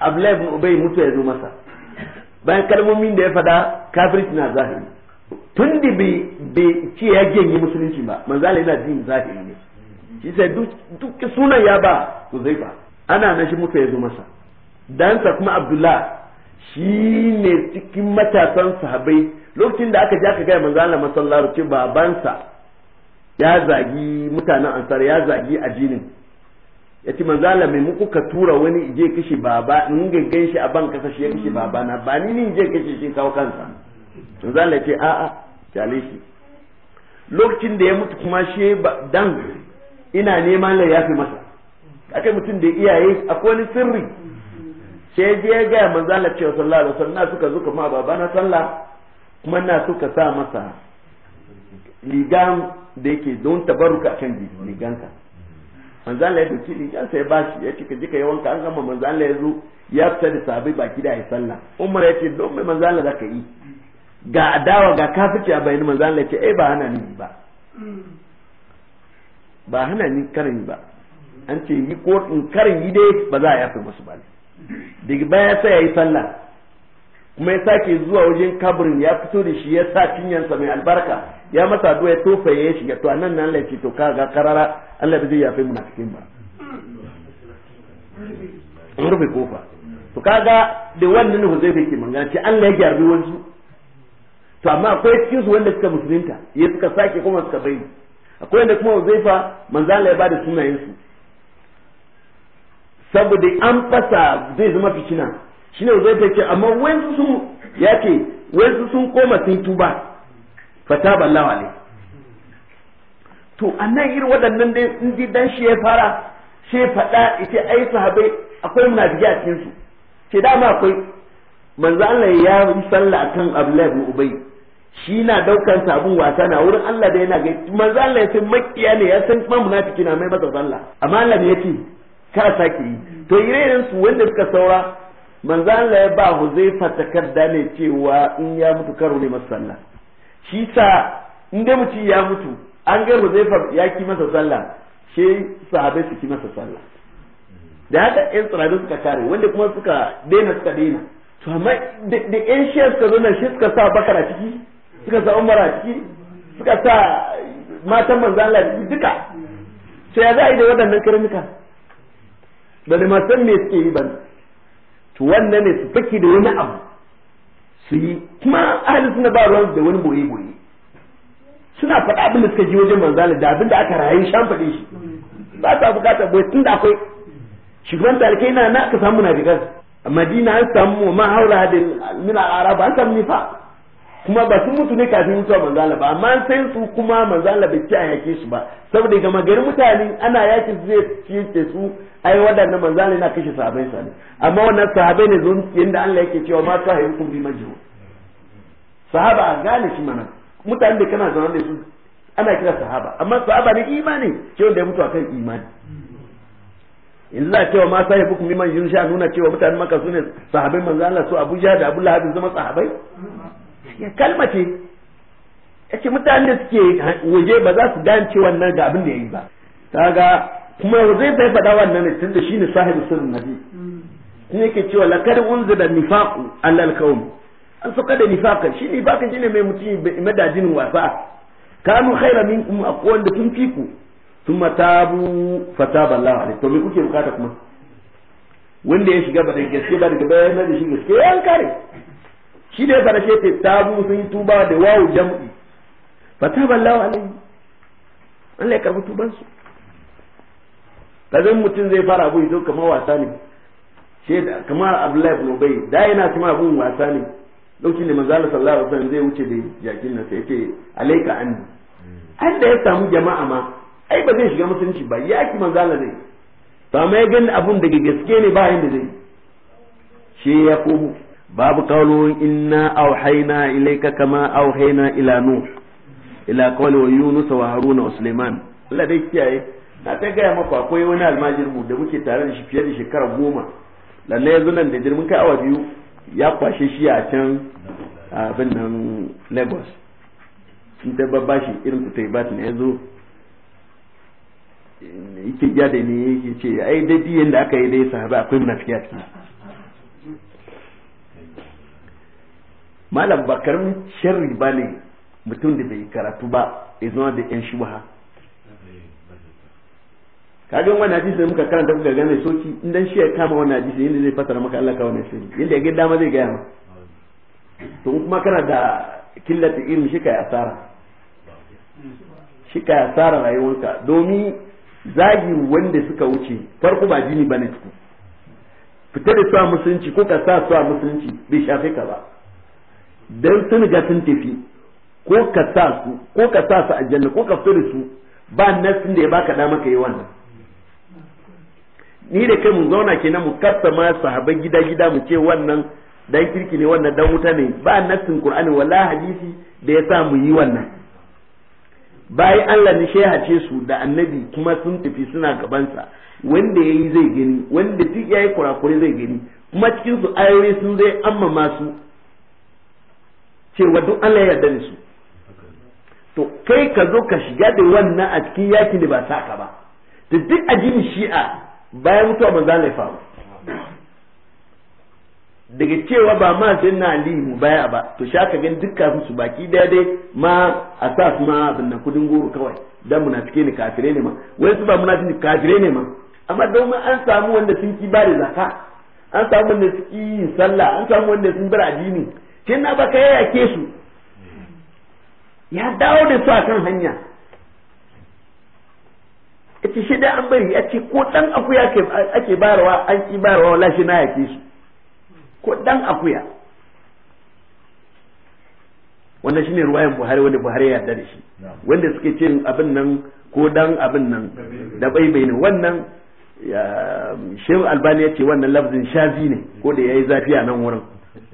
Abdullah ibn Ubay mutu ya zo masa bayan kalmomin da ya fada kafirci na zahiri tun da bai ce ya genyi musulunci ba manzo Allah yana jin zahiri ne shi sai duk duk sunan ya ba ku zai ba ana nan shi mutu ya zo masa dansa kuma abdullah shi ne cikin matasan sahabai lokacin da aka je aka gaya manzo Allah masallar ce babansa ya zagi mutanen ansar ya zagi ajinin ya ce manzo Allah mai muku ka tura wani je kashe baba in ga ganshi a ban kasa shi ya kashe baba na ba ni ne je kashe shi kawo kansa manzo Allah ya ce a'a jale shi lokacin da ya mutu kuma shi dan ina neman la yafi masa akai mutum da iyaye akwai wani sirri sai je ya gaya manzo Allah cewa sallallahu alaihi wasallam suka zo kuma baba na sallah kuma na suka sa masa ligan da yake don tabaruka kan ligansa manzo Allah ya doki ligan sai ba shi ya cika ka yawan ka an gama manzo Allah ya zo ya fita da sabai baki da ya sallah Umar ya ce don mai manzo Allah zaka yi ga adawa ga kafirci a bayin manzo Allah ya ce eh ba hana ni ba ba hana ni karin ba an ce yi ko in karin yi dai ba za a yafe masu ba ne daga baya sai ya yi sallah kuma ya sake zuwa wajen kabarin ya fito da shi ya sa cinyansa mai albarka ya masa duwa ya tofa ya shiga to anan nan Allah ya to ka ga karara Allah bai zai yafe munafikin ba rufe kofa to kaga da wannan Huzaifa ke magana ce Allah ya gyarbi wasu to amma akwai cikin su wanda suka musulunta ya suka sake kuma suka bai akwai wanda kuma Huzaifa manzo Allah ya bada sunayen su saboda an fasa zai zama fitina shine zai ce amma sun ya ce sun koma sun tuba fata ballawa ne to annan irin waɗannan dai in ji dan shi ya fara shi faɗa ita ai sahabai akwai munafiki a cikin su ce dama akwai manzo Allah ya yi sallah kan Abdullah ibn Ubay shi na daukan sabon wasa na wurin Allah da yana ga manzo Allah ya san makiya ne ya san kuma munafiki na mai masa Allah amma Allah ne yake kar sake yi to irin su wanda suka saura manzo Allah ya ba Huzaifa takarda ne cewa in ya mutu karo ne masa sallah shi sa in dai mutum ya mutu an ga Huzaifa ya ki masa sallah she sahabai su ki masa sallah da haka ɗan tsiradu suka kare wanda kuma suka daina suka daina to amma da ɗan shi suka zo shi suka sa bakar a ciki suka sa umar a ciki suka sa matan manzo Allah duka sai ya za a yi da waɗannan karnuka ba da masan me suke yi ba to wannan ne su fake da wani abu su yi kuma ahli suna ba ruwan da wani boye boye suna faɗa abin da suka ji wajen manzali da abin da aka rayu shan faɗe shi ba ta bukata boye tun da akwai shugaban talikai na na aka samu na rigar madina an samu ma haula da min araba an samu nifa kuma ba sun mutu ne kafin mutuwa manzala ba amma sai su kuma manzala bai ci a yake su ba saboda gama garin mutane ana yakin zai ci su ai wadannan manzo Allah yana kashe sahabbai ne, amma wannan sahabbai ne zon yanda Allah yake cewa ma ta hayyukum bi majru sahaba an gane shi mana mutane da kana zaune da su ana kira sahaba amma sahaba ne imani ce wanda ya mutu akan imani in za cewa ma sai hukum bi yun sha nuna cewa mutanen maka su ne sahabbai manzo Allah su Abu da Abu Lahab zama sahabbai ya kalma ce yace mutanen da suke waje ba za su gane cewa nan ga abin da yayi ba kaga kuma zai bai faɗa wannan ne tunda shine sahibi sirrin nabi ne yake cewa lakad da nifaqu alal qaum an suka da nifaqan shi nifaqan shine mai mutum madajin wasa kanu khaira minkum aqwan da kun fi ku thumma tabu fataba Allah alaihi to me kuke bukata kuma wanda ya shiga ba gaske ba daga bayan da shi gaske yan kare shi da ya fara shi tabu sun yi tuba da wawu jam'i fataba Allah alaihi Allah ya karbi tubansu kazan mutum zai fara abu ido kamar wasa ne she kamar abdullahi ibn ubay da yana kuma abun wasa ne lokacin da manzo Allah sallallahu alaihi wasallam zai wuce da jakin nan sai yace alayka anni an da ya samu jama'a ma ai ba zai shiga musulunci ba yaki manzo Allah ne to amma ya gani abun da gaske ne ba yanda zai she ya komo babu kawo inna auhayna ilayka kama auhayna ila nuh ila qawli wa yunus wa haruna wa sulaiman Allah dai kiyaye na ta gaya maka akwai wani almajirmu da muke tare da shi fiye da shekara goma lallai yanzu nan da jirgin kai awa biyu ya kwashe shi a can abin nan lagos sun ta babba shi irin kuta ibat ne ya zo yake gya da ne yake ce ai dai biyan da aka yi dai sahaba akwai munafiki a ciki malam bakarin sharri ba ne mutum da bai karatu ba ya zama da yan shubha kaga wannan hadisi da muka karanta kuka gane soki in dan shi ya kama wannan hadisi inda zai fasara maka Allah ka wannan shi Inda ya ga dama zai gaya ma to kuma kana da killata ilmi shi kai asara shi kai asara rayuwarka domin zagi wanda suka wuce farko ba jini bane tuku fita da suwa musulunci ko ka sa suwa musulunci bai shafe ka ba dan sun ga sun tafi ko ka sa su ko ka sa su aljanna ko ka fito da su ba nasin da ya baka dama ka yi wannan ni da kai mu zauna kenan mu kasa ma sahaban gida gida mu ce wannan dan kirki ne wannan dan wuta ne ba nassin qur'ani wala hadisi da yasa mu yi wannan bayan Allah ne ce su da annabi kuma sun tafi suna gabansa wanda yayi zai gani wanda duk yayi kurakure zai gani kuma cikin su ayoyi sun zai amma su cewa duk Allah ya yarda su to kai ka zo ka shiga da wannan a cikin yaki ne ba saka ba da duk ajin shi'a bayan mutuwa manzo Allah ya faru daga cewa ba ma sai na ali mu baya ba to sha ka gan dukkan su baki daidai ma a sa su ma abin kudin goro kawai dan munafike ne kafire ne ma wai su ba ni kafire ne ma amma domin an samu wanda sun ki bare zaka an samu wanda sun ki yin sallah an samu wanda sun bar addini kin na ka yake su ya dawo da su akan hanya yace shi dai an bari ce ko dan akuya ake barawa an ki barawa shi na yake su ko dan akuya wannan shine ruwayan Buhari wanda Buhari ya yarda da shi wanda suke cin abin nan ko dan abin nan da baibai ne wannan Shehu Albani ya ce wannan lafzin shazi ne ko da yayi zafi a nan wurin *laughs*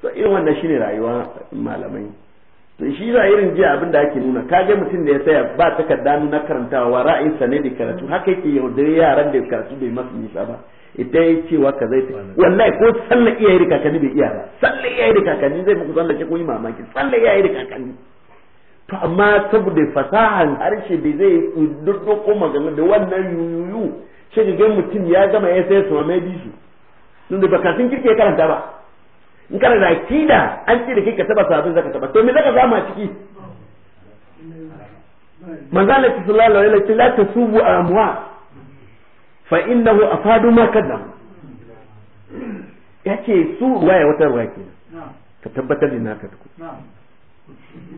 to irin wannan shine rayuwa malamai to shi za irin jiya abin da ake nuna ka ga mutum da ya saya ba takarda na karantawa ra'ayinsa ne da karatu haka yake yaudare yaran da karatu bai masu nisa ba ita ya cewa ka zai ta wallahi ko salla iyaye da kakanni bai iya ba salla iyaye da kakanni zai muku sallar ko yi mamaki salla iyaye da kakanni to amma saboda fasahan harshe da zai duddo ko magana da wannan yuyu, shi ga mutum ya gama ya sai su ma mai bisu tunda ba kirki kirke karanta ba in kana da akida an ce da kika ka taba sabin zaka taba to me zaka zama ciki manzala ki sallallahu alaihi wasallam la tasubu amwa fa innahu afadu ma kaddam yace su waye wata ruwa ke ka tabbatar da naka ku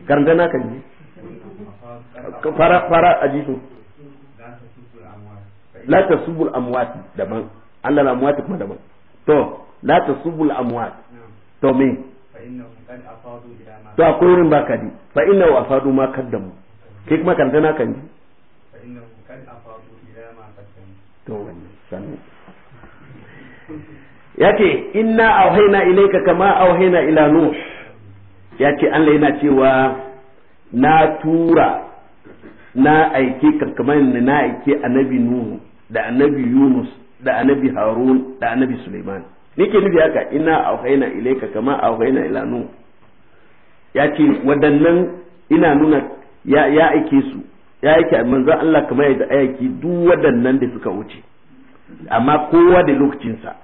karanta naka ji fara fara ajisu la tasubul amwat daban Allah la amwat kuma daban to la tasubul amwat to me to akwai wurin ba kadi fa inna wa afadu ma kaddamu ke kuma kan tana kan ji to wannan sanu yace inna auhayna ilayka kama auhayna ila nuh yace Allah yana cewa na tura na aike da na aike annabi nuhu da annabi yunus da annabi harun da annabi suleiman nake nufi haka ina auhaina ilaika kama auhaina ila nu ya ce waɗannan ina nuna ya ya aike su ya aike manzo Allah kamar yadda aiki duk waɗannan da suka wuce amma kowa da lokacinsa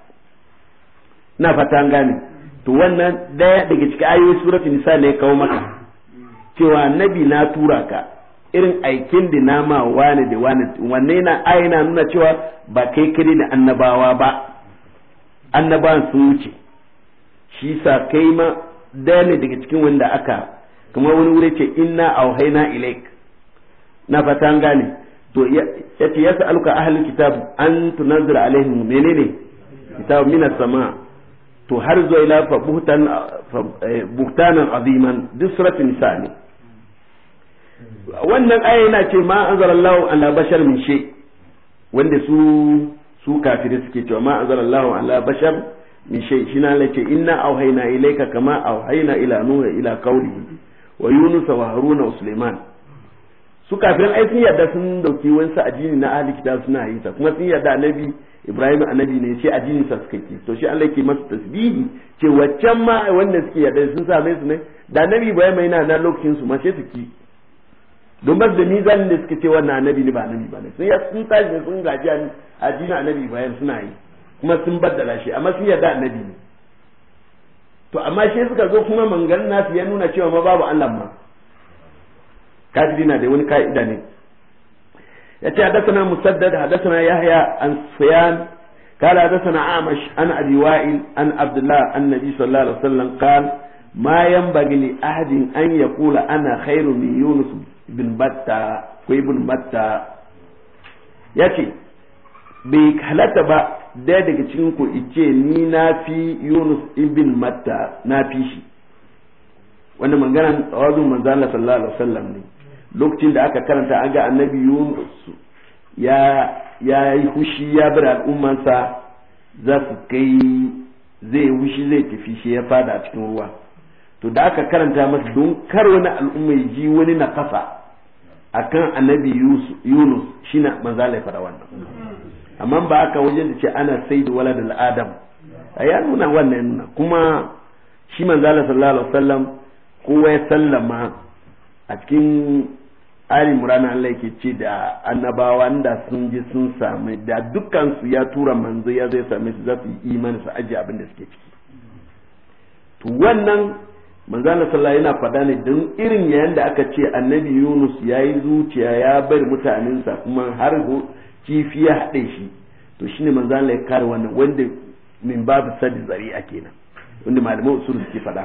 na fata an gane to wannan daya daga cikin ayoyi surati nisa ne kawo maka cewa nabi na tura ka irin aikin da nama wani da wani wanne na ayi nuna cewa ba kai kare da annabawa ba annabawan sun wuce shi sa kai ma daya ne daga cikin wanda aka kamar wani wuri ce inna auhaina ilaik na fatan gane to ya ce ya sa'aluka ahlul kitab an tunzir alaihim menene kitab min sama to har zuwa ila fa buhtan eh, buhtanan aziman duk suratul nisa wannan aya yana ce ma anzalallahu ala bashar min shay wanda su su kafiri suke cewa ma anzalallahu ala bashar min shay shi na ce inna auhayna ilayka kama auhayna ila nuha ila qawlihi wa yunus wa haruna wa sulaiman su kafiran ai sun yarda sun dauki wani ajini na ahli kitab suna yi ta kuma sun yarda annabi ibrahim annabi ne shi ajini sa suka ki to shi Allah yake masa tasbihi ce waccan ma wanda suke yarda sun same su ne da annabi bai mai na lokacin su ma sai su ki don ba da mizan da suke ce wannan annabi ne ba annabi ba ne sun ya sun tashi sun gaji addinin annabi bayan suna yi kuma sun baddala shi amma sun yarda annabi ne to amma shi suka zo kuma mangan nasu ya nuna cewa ma babu Allah ma kadina na da wani ka'ida ne yace hadathana musaddad hadathana yahya an suyan قال حدثنا عامش عن ابي وائل عن عبد الله النبي صلى الله عليه وسلم قال ما ينبغي لأحد أن يقول أنا خير من يونس بن بتة وابن بتة يأتي bai halatta ba daya daga cikin ku ice ni na fi yunus ibn matta na fi shi wanda magana tsawazin manzan Allah sallallahu alaihi wasallam ne lokacin da aka karanta an ga annabi yunus ya ya yi hushi ya bar al'ummansa za su kai zai wushi zai tafi shi ya fada a cikin ruwa to da aka karanta masa don kar wani al'umma ya ji wani na kasa akan annabi yunus shine manzan Allah ya wannan amma ba aka wajen da ce ana sai da wala da adam a ya nuna wannan nuna kuma shi manzala sallallahu alaihi wasallam kowa ya sallama a cikin ali murana Allah yake ce da annabawa da sun ji sun sami da dukkan su ya tura manzo ya zai same su za su yi imani su aje abin da suke ciki to wannan manzala sallallahu yana faɗa ne don irin yayin da aka ce annabi Yunus yayi zuciya ya bar mutanensa kuma har kifi ya haɗe shi to shi ne Allah ya kare wannan wanda min babu sadi zari'a kenan wanda malamai usul suke faɗa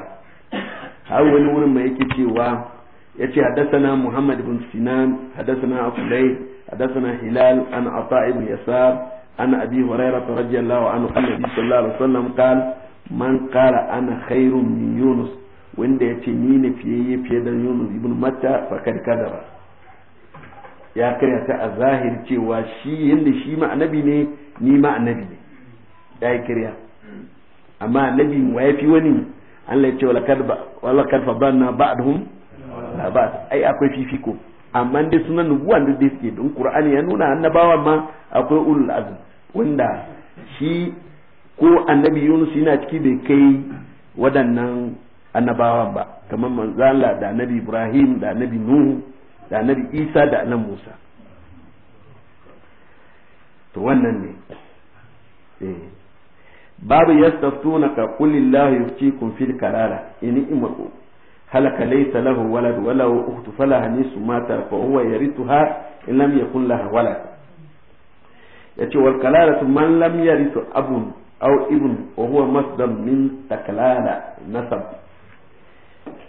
har wani wurin mai yake cewa yace haddathana Muhammad ibn Sinan haddathana Akulay haddathana Hilal an Ata ibn Yasar an Abi Hurairah radiyallahu anhu annabi sallallahu alaihi wasallam qala man qala ana khairun min Yunus wanda ce ni ne fiye fiye da Yunus ibn Matta fakad kadaba ya karya ta a zahiri cewa shi yadda shi ma annabi ne ni ma annabi ne ya yi karya amma annabi wa ya fi wani an ya cewa wala karfa ba na ba'adhum ba ai akwai fifiko amma dai suna nubuwan da dai suke don qur'ani ya nuna annabawa ma akwai ulul azm wanda shi ko annabi yunus yana ciki bai kai waɗannan annabawan ba kamar manzala da annabi ibrahim da annabi nuhu da annabi isa da annabi musa to wannan ne eh. babu yastaftuna ka kulillahu yuftikum fil karara in imaku halaka laysa lahu walad wa ukhtu fala hanisu mata fa huwa yarithuha in lam yakun laha walad yace wal kalalatu man lam yarithu abun aw ibn wa huwa masdar min taklala nasab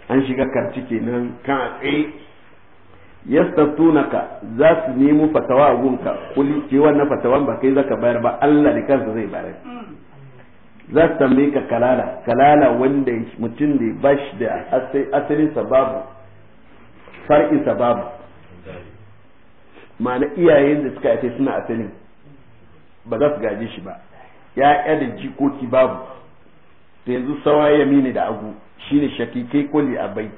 an shiga karci kenan kan tsaye yastaftunaka za su nemo fatawa a gunka kuli ce wannan fatawan ba kai zaka bayar ba Allah da kansa zai bayar za su tambaye ka kalala kalala wanda mutum da ba shi da asalin sababu far'in sababu ma'ana iyayen da suka haife suna asalin ba za su gaje shi ba ya'ya da jikoki babu da yanzu sawa ya mini da agu shine shakike koli a bai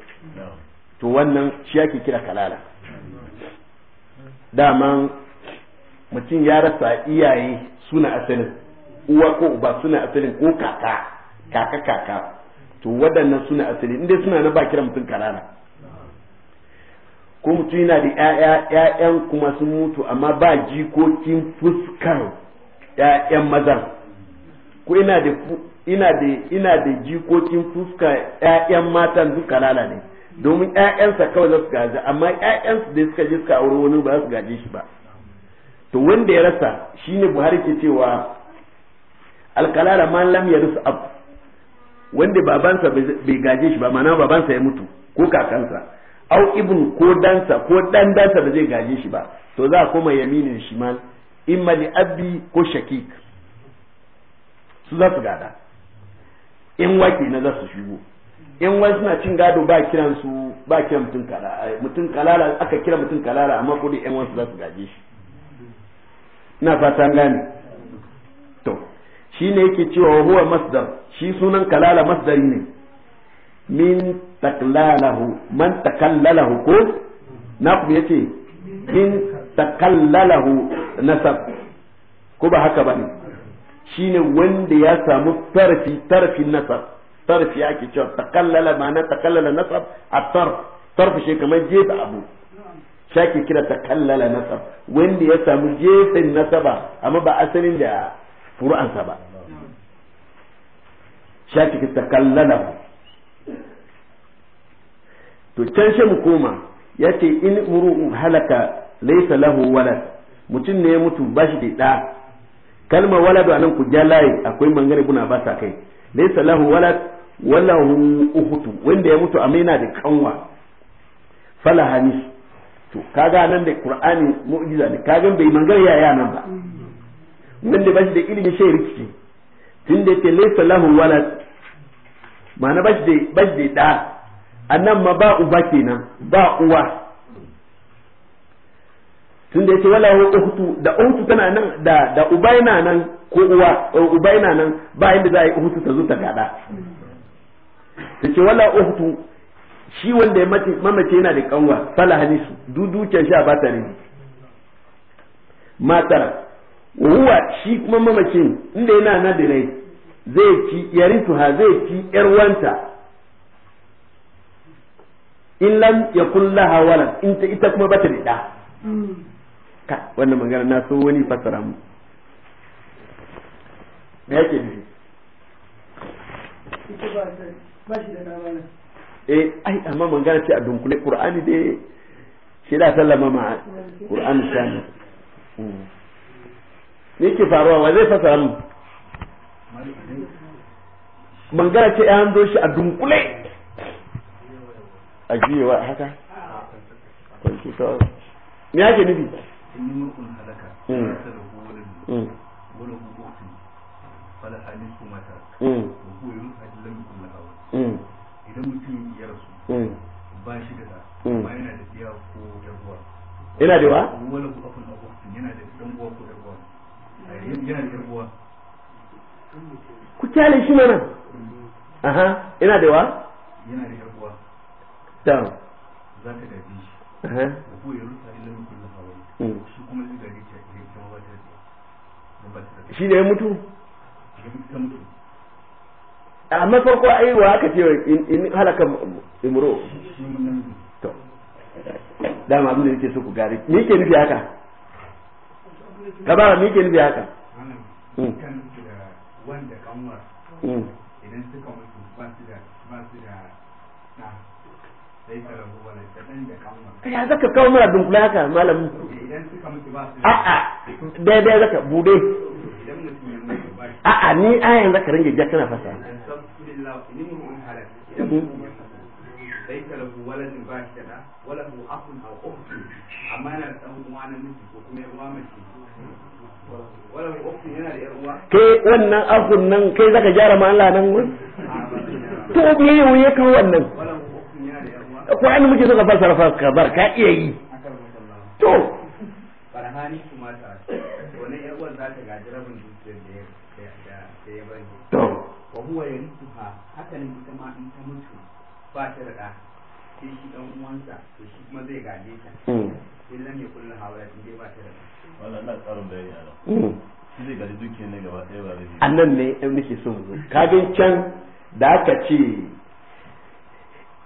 to wannan shi ake kira kalala daman mutum ya rasa iyaye suna asalin uwa ko uba suna asalin ko kaka kaka kaka to waɗannan suna asali inda suna na ba kira mutum karara ko mutum yana da ƴaƴan kuma sun mutu amma ba jikokin fuskar ƴaƴan mazan ko ina da ina da ina da jikokin fuskar ƴaƴan matan duk karara ne domin ƴaƴansa kawai za su gaji amma ƴaƴansu da suka je suka aure wani ba za su gaje shi ba to wanda ya rasa shine Buhari ke cewa alkalala man lam yarisu ab wanda babansa bai gaje shi ba mana babansa ya mutu ko kakansa au ibn ko dansa ko dan dansa ba zai gaje shi ba to za a koma yaminin shimal imma li abbi ko shakik su za su gada in wake na za su shigo in wani suna cin gado ba kiran su ba kiran mutum kalala eh, mutum kalala aka kira mutum kalala amma ko da yan wasu za su gaje shi na fata gane to shi ne yake cewa huwa masdar shi sunan kalala masdari ne min taklalahu man takallalahu ko na ku yace min takallalahu nasab ko ba haka bane shine wanda ya samu tarfi tarfin nasab sarf ya cewa takallala ma'ana takallala nasab a sarf sarf shi kamar jefa abu shaki kira takallala nasab wanda ya samu jefin nasaba amma ba asalin da furu'ansa ba shaki kira takallala to can shi mu koma ya ce in muru'u halaka laisa lahu walad mutum ne ya mutu ba shi da ɗa kalmar walad a nan ku ja layi akwai mangare buna ba sa kai laisa lahu walad walahu uhutu wanda ya mutu amma yana da kanwa fala hanis to kaga nan da qur'ani mu'jiza ne kaga bai mangar yaya nan ba wanda ba shi da ilimin shi rikici tunda yake laysa lahu walad ma'ana ba shi da ba shi da da annan ma ba uba kenan ba uwa tunda yake wala uhutu da uhutu tana nan da da uba yana nan ko uwa eh, uba yana nan ba inda za a yi uhutu ta zo ta gada yace wala uhtu shi wanda ya mamace yana da kanwa fala hanisu dudukiyar sha ba ta ne matara huwa shi kuma mamace inda yana na da rai zai ci yarituha zai ci yar wanta in lam yakun laha wala in ita kuma bata da da ka wannan magana na so wani fasara mu me yake nufi eh ai amma magana ce a dunkule qur'ani dai shi da sallama ma qur'ani sani ne hmm. ke faruwa wa zai fasara mu magana ce an zo shi a dunkule a wa haka kwanci kawai me yake nufi Mm. idan hmm. ba shi da da hmm. ba yana da biya ko da yana da wa wala ko da yana da uwa ko yana da ku kyale shi mana aha yana da wa yana da za ka gaji shi ko ya rusa hmm. shi kuma zai gaji shi ne ya mutu ya mutu amma farko ai wa aka ce in halaka imro to dama abin da yake so ku gare me yake nufi haka gaba me yake nufi haka mm. mm. ka rabu kadan ya zaka kawo mura haka idan suka daidai zaka bude a ni ayan zaka ringe jakana fasa الله منهم حلال ليس له ولد مباشرة وله أخ أو أخت أما أنا أو أنا مثل وكما يقوم ولو أخت هنا لإرواح كي وانا أخ نن كي ذاك جار ما الله نن تؤمي ويك وانا وأنا مجي ذاك فلسفة كبر كأي تو فرهاني ba ta da ɗa shi shi ɗan uwansa to shi kuma zai gaje ta hmm. illa kullum hawaya dai ba da ɗa wannan bayani hmm. shi zai dukiyar ne gaba ɗaya ba zai ne so mu zo can da aka ce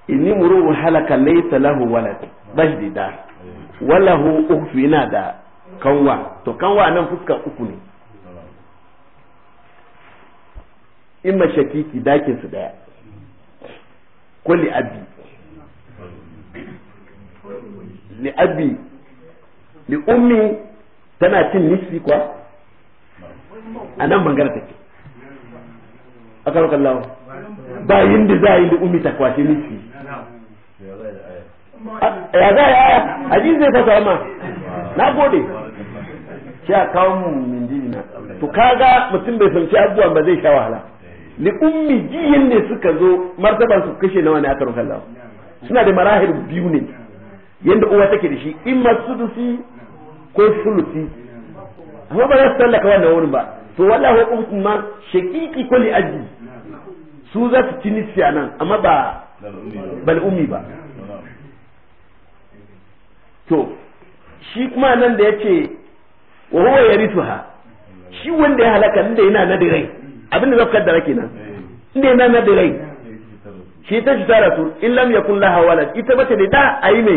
inni muru halaka laysa lahu walad bashi da eh. walahu ukhtu yana da kanwa to kanwa nan fuska uku ne in mashakiki dakin su daya ko li'abi li'abi li'ummi tana cin nisfi kuwa a nan bangare take aka raka lawa ba yin da za a yi li'ummi ta kwashe nisfi ya za a yi aya zai fasa ma na gode shi a kawo mu min na to kaga mutum bai fahimci abubuwan ba zai sha wahala li ummi jiyan ne suka zo martaban su kashe nawa ne aka rufe Allah suna da marahil biyu ne yanda uwa take da shi in ma masudusi ko sulusi amma ba za su tallaka wannan wurin ba to wallahi hukumun ma shakiki ko li aji su za su ci nisfiya nan amma ba bal ummi ba to shi kuma nan da yace wa huwa yarithuha shi wanda ya halaka inda yana na da rai abin da zafkar da rake nan inda yana na da rai shi ta cuta rasu in lam yakun laha walad ita bace da da ayi me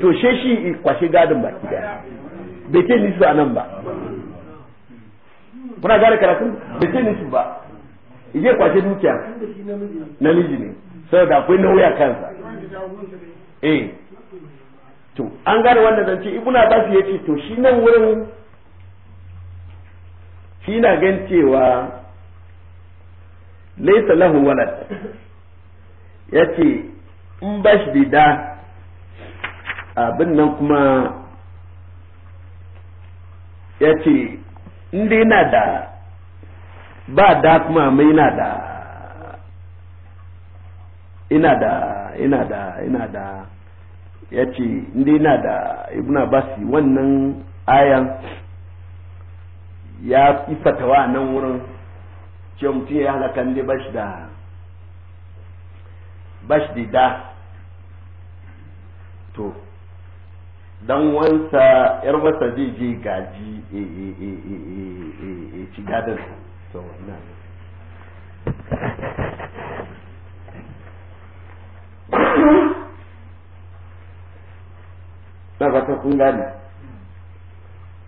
to she shi kwashe gadin ba. baki daya bai ce nisu a nan ba kuna gane karatu bai ce nisu ba ije kwashe dukiya namiji ne da akwai nauyi a kansa eh to an gane wannan zance ibnu abbas yace to shi nan wurin shi na gan cewa laisa lahu walad ya ce in ba shi da abin nan kuma ya ce inda yana da ba da kuma mai na da ina da ina da ina da ya ce inda yana da ibn abbas wannan ayan ya yi fatawa nan wurin ce mutum ya halaka ne ba da ba da da to dan wansa yar masa zai je e ci gadar to *coughs* na na ba ta kun gane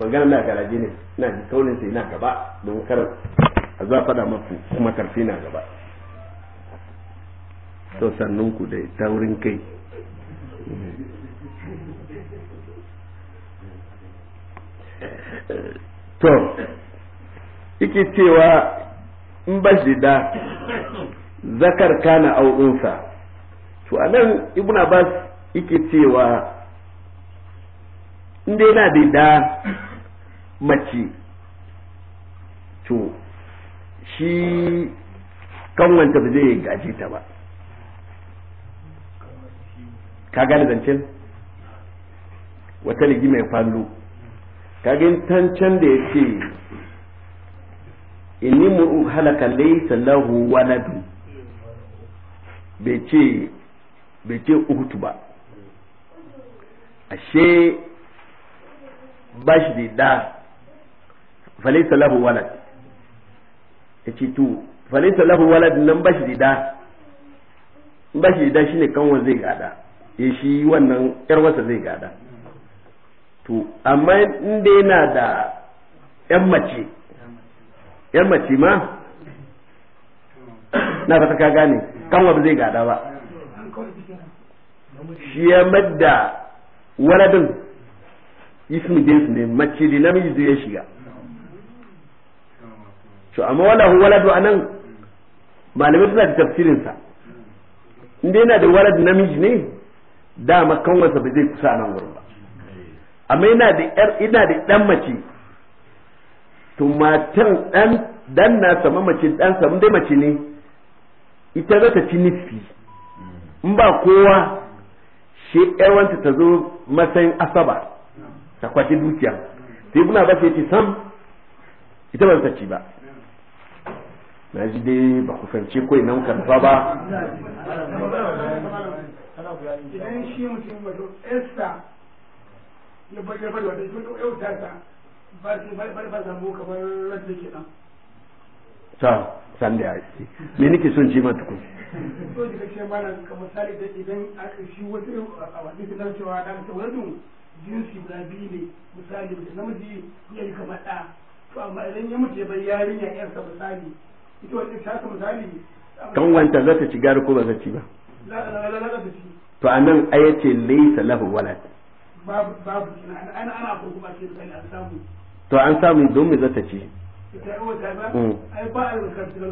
bangaren na garaje ne na ji kaunin sai na gaba don kar a za faɗa maku kuma karfi na gaba to sannun ku da taurin kai to yake cewa in ba shi da zakar kana au'unsa to anan ibnu abbas yake cewa in yana da da mace to shi kanwanta ba zai gaji ta ba ka gane zancen wata ligi mai fallo kagin tancan da ya ce inni mu'u halaka laysa lahu waladu bai ce bai ce uhutu ba ashe ba shi da da falaisa lahu walad yace to falaisa lahu walad nan ba shi da da ba shi da shine kanwan zai gada ya shi wannan yar wasa zai gada to amma inda yana da yan mace yan mace ma na fata ka gane kanwa ba zai gada ba shi ya madda waladin ismi jinsi ne mace da namiji zai ya shiga to amma wala hu waladu anan malamai suna da tafsirin sa inda yana da walad namiji ne dama kanwarsa ba zai kusa nan wurin ba amma yana da yar ina da dan mace to matan dan dan na sama mace dan sama dai mace ne ita za ta ci nifi in ba kowa shi yawanta ta zo matsayin asaba ta kwace dukiya sai ibn abbas ya ce sam ita ba sace ba na ji dai ba ku fance ko nan karfa ba idan shi mutum esta ya ba samu kamar ke ce me nake son mata so da mana kamar sai da idan aka shi wata a wani cewa da ta jinsi guda biyu ne misali da namiji ya yi kama ɗa to amma idan ya mace bai yarinya yarsa misali ita wani ta ta misali wanta za ta ci gari ko ba za ci ba to a nan aya ce laisa lahu walad babu babu ana ana ko kuma ce da an samu to an samu don me za ta ci mm. ai ba a yi karatu ga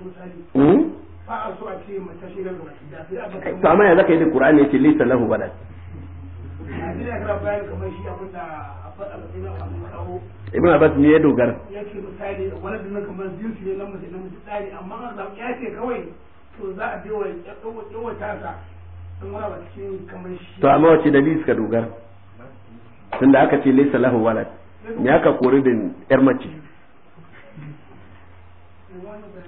misali mm. ba a so a ce mace shi ga to amma yi da laisa lahu walad ibn abbas ne ya dogara ya ce misali wani dinnan kamar jinsi ne na mace na mace tsari amma an zaɓi ya ce kawai to za a biyo ya ta sa sun wani ba cikin kamar shi to amma wace dalili suka dogara tunda aka ce laisa lahu walad me aka kori da yar mace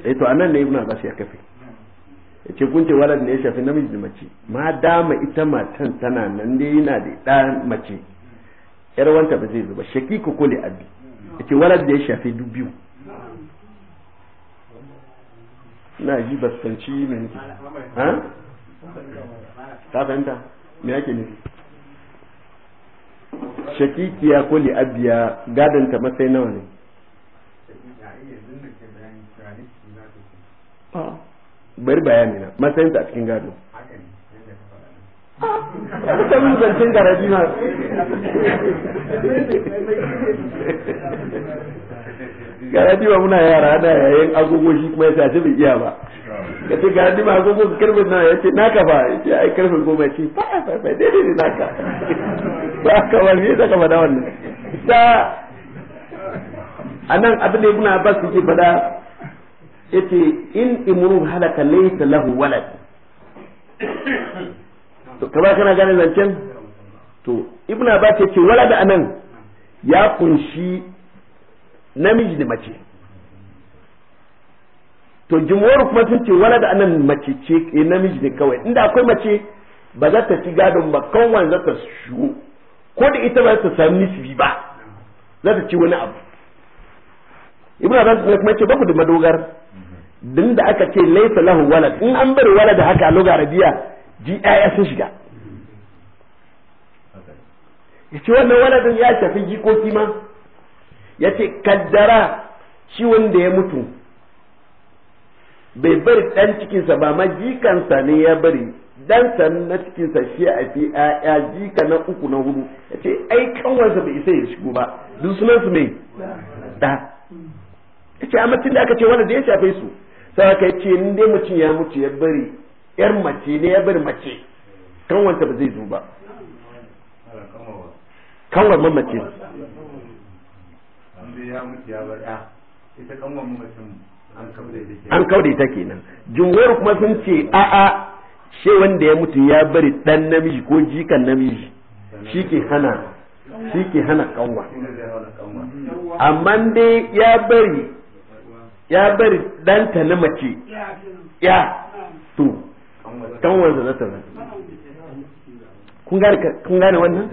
eh to anan ne ibn abbas ya kafe yace kun walad ne ya shafi namiji da mace ma dama ita matan tana nan dai yana da ɗa mace yar wanta ba zai zuba shakiku ko li abi yace walad da ya shafi duk biyu na ji bastanci ne ha ka fahimta me yake ne shakikiya ko li abiya gadanta matsayi nawa ne bari bayani na matsayin a cikin gado ta mun zancen garaji ma garaji ba muna yara da yayin agogo shi kuma ya tashi bai iya ba ka ce garaji ma agogo ka karfe na ya ce naka ba ya ce ai karfe goma ce fa fa daidai ne naka ba ka ba ne da ka faɗa wannan ta anan abin da ba su ke fada. yace in imru halaka laysa lahu walad to kaba kana gane zancen to ibnu abbas yace walad anan ya kunshi namiji da mace to jumhur kuma sun ce walad anan mace ce eh, namiji ne kawai inda akwai mace ba za ta ci gadon ba kawai za ta shigo ko da ita ba za ta sami nisbi ba za ta ci wani abu ibnu abbas kuma ce ba ku da madogar din da aka ce laisa lahu walad in an bar walad haka a arabiya ji ayya sun shiga yace wannan waladin ya tafi jikoki ma yace kaddara shi wanda ya mutu bai bari dan cikinsa ba ma jikansa ne ya bari dansa na cikinsa shi a fi ya jika na uku na hudu ya ce ai kanwansa bai isa ya shigo ba duk sunan su da ya ce amma tun da aka ce wanda ya shafe su sai ka ce in dai mutum ya mutu ya bari yar mace ne ya bari mace kan ba zai zo ba kanwar mace. an kauda ita kenan jumhur kuma sun ce a'a she wanda ya mutu ya bari dan namiji ko jikan namiji shi ke hana shi ke hana kanwa amma dai ya bari ya bari danta na mace ya to wanzu zata ta kun gane wannan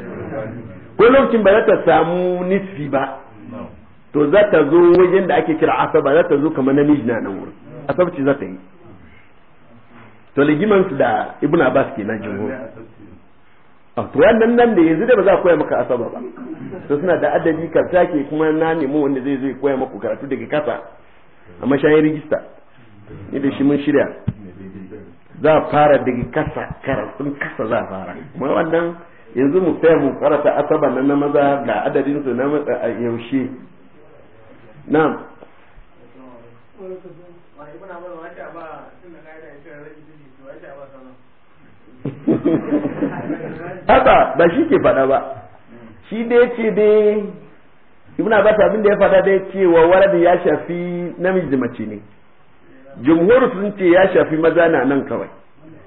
ko lokacin ba za ta samu nisfi ba to za ta zo wajen da ake kira asaba za ta zo kamar namiji na nan wurin asabci za ta yi to su da ibn abbas ke na jiho to wannan nan da yanzu da ba za a koya maka asaba ba to suna da adabi ka sake kuma na nemo wanda zai zo koya maku karatu daga kasa amma shi rijista ni da shi mun shirya za a fara daga kasa sun kasa za a fara kuma wannan yanzu mu sai mu karata asaba nan na maza ga adadin su na yaushe na *laughs* haka ba shi ke faɗa ba shi dai ce dai ibn abbas abin da ya fada dai cewa waradi ya shafi namiji mace ne jumhur sun ce ya shafi maza na nan kawai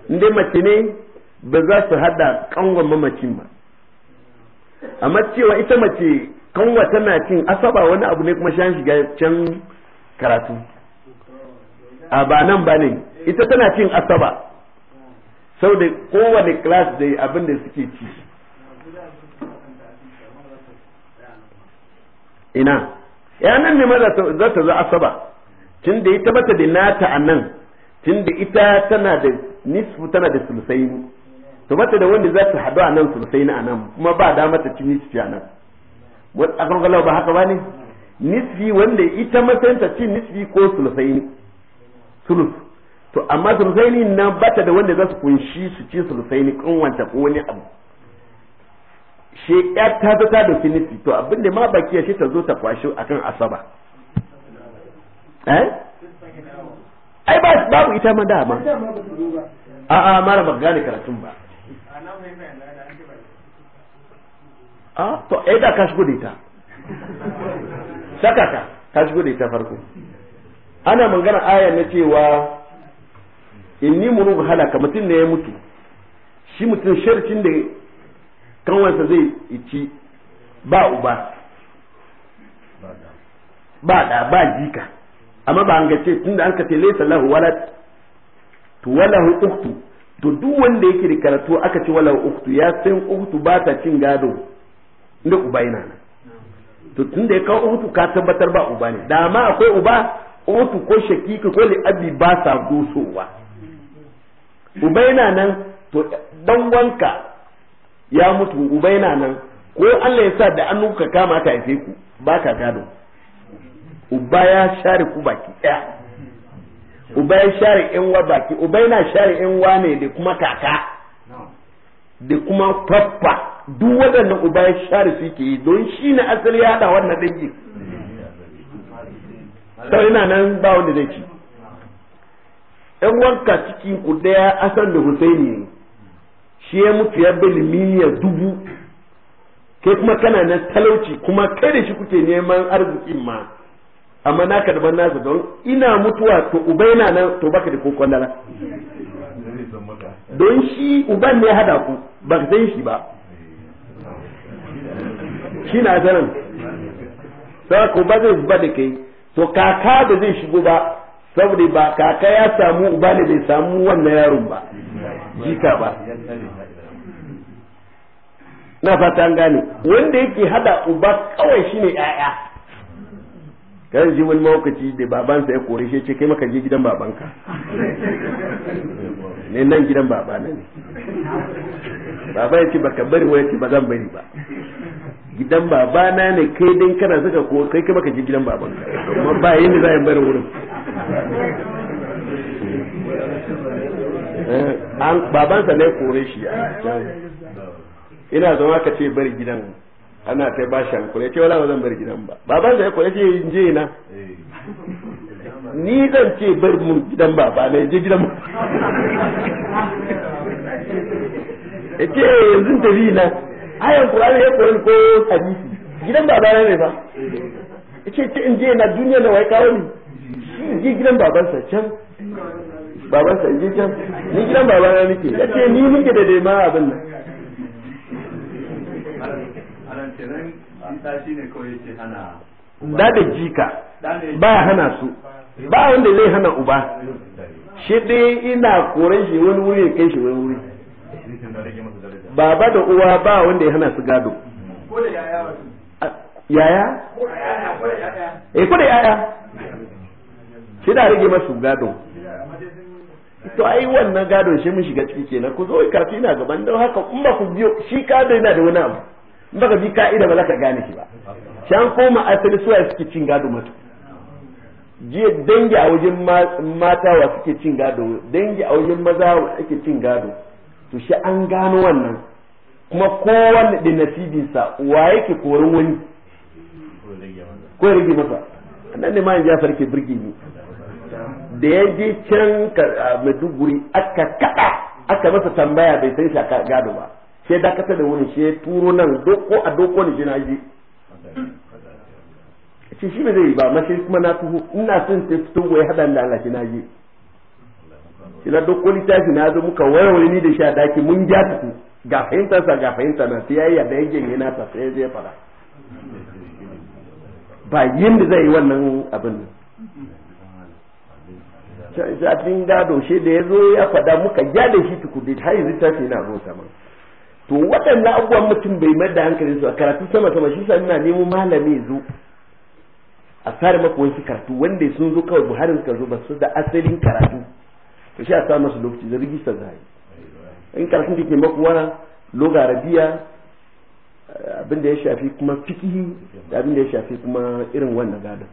inda mace ne ba za su hada kangon mamacin ba amma cewa ita mace kanwa tana cin asaba wani abu ne kuma shan shiga can karatu a ba nan ba ne ita tana cin asaba sau da kowane class da abin da suke ci ina ya nan ne maza za ta zo asaba tun da ita bata da nata a nan tun da ita tana da nisfu tana da sulusai to bata da wanda za ta haɗu a nan sulusai na a nan kuma ba da mata ci nisfi a nan a kan ba haka ba ne nisfi wanda ita matsayinta cin nisfi ko sulusai ne sulus to amma sulusai ne na bata da wanda za su kunshi su ci sulusai ne kan wanta ko wani abu shi ya ta zo ta doki to abin da ma baki ya shi ta zo ta kwashi akan asaba eh ai ba babu ita ma dama a a mara ba gane karatun ba a to ai eh, da ka shigo da ita saka ka ka shigo da ita farko ana magana aya na cewa inni munu halaka mutum ne ya mutu shi mutum sharcin da kanwansa zai ci ba uba ba da ba jika amma ba an ce tunda an ce laysa lahu walad to walahu ukhtu to duk wanda yake da karatu aka ce walahu ukhtu ya san ukhtu ba ta cin gado inda uba yana nan to tunda ya kawo ukhtu ka tabbatar ba uba ne da ma akwai uba ukhtu ko shakiki ko li abi ba sa gosowa uba yana nan to dan wanka ya mutu uba yana nan ko Allah ya sa da annu ka kama ka haife ku ba ka gado uba ya share ku baki ɗaya uba ya share yan wa baki uba yana share yan wa ne da kuma kaka da kuma faffa duk waɗannan uba ya share su ke yi don shi ne asali ya haɗa wannan dangin sau ina nan ba wanda zai ci yan wanka cikin ku ɗaya asan da husaini ne shi ya mutu ya bai miliyan dubu ke kuma kana nan talauci kuma kai da shi kuke neman arzikin ma amma na karban nasa don ina mutuwa to uba yana nan to baka da kokon dala don shi uban ne hada ku ba zai san shi ba shi na zanen sai ko ba zai zuba da kai to kaka da zai shigo ba saboda ba kaka ya samu uba ne bai samu wannan yaron ba jika ba na fata an gane wanda yake hada uba kawai shine yaya kan ji wani mawakaci da babansa ya kore shi ce kai maka je gidan babanka ne nan gidan babana ne baba ya ce baka bari wani ce ba zan bari ba gidan babana ne kai din kana saka ko kai kai maka je gidan babanka amma ba yin da za bari wurin Eh, an babansa ne kore shi a ina zama ka ce bari gidan ana ta ba shi hankuri ce wala ba zan bari gidan ba babansa ya kore shi je na ni zan ce bari mun gidan ba ba na je gidan ya ce eh, yanzu tafi na ayan kurani ya kore ko hadisi gidan ba ba ne ba ya ce in je na duniya na wai kawo ni gidan babansa can baban sa je can ni gidan baba na nake yace ni nake da dai ma abin nan da da jika ba hana su ba wanda zai hana uba shi dai ina koran shi wani wuri ya kai shi wani wuri baba da uwa ba wanda ya hana su gado yaya eh ko da yaya shi da rage masu gado to ai wannan gado shi mun shiga ciki kenan ku zo karfi na gaban don haka in ba ku biyo shi gado yana da wani abu in ba ka bi ka'ida ba za ka gane shi ba shan koma asali suwa suke cin gado mata jiya dangi a wajen mata wa suke cin gado dangi a wajen maza wa suke cin gado to shi an gano wannan kuma kowanne da nasibinsa wa yake korin wani ko ya rage masa nan ne ma yanzu ya farke birge ni da ya je can maiduguri aka kada aka masa tambaya bai san shi gado ba sai dakata da wani shi turo nan doko a doko ne jina ji shi shi zai yi ba shi kuma na tuhu ina son sai fito wai hada da Allah shi na je shi na doko littafi na zo muka wayewaye ni da shi a daki mun ja tuku ga sa ga fahimta na sai yayi da yake na ta sai zai fara ba yin da zai yi wannan abin nan shafin gado da ya zo ya fada muka ja da shi tukudi har yanzu tashi na zo sama to waɗannan abubuwan mutum bai mai da hankali su a karatu sama sama shi sa na nemo malami zo a fara maka wani karatu wanda sun zo kawai buhari suka zo ba su da asalin karatu to shi a sa masu lokaci da rigista za yi in karatun da ke maku wara loga arabiya abin ya shafi kuma fikihi da abin ya shafi kuma irin wannan gadon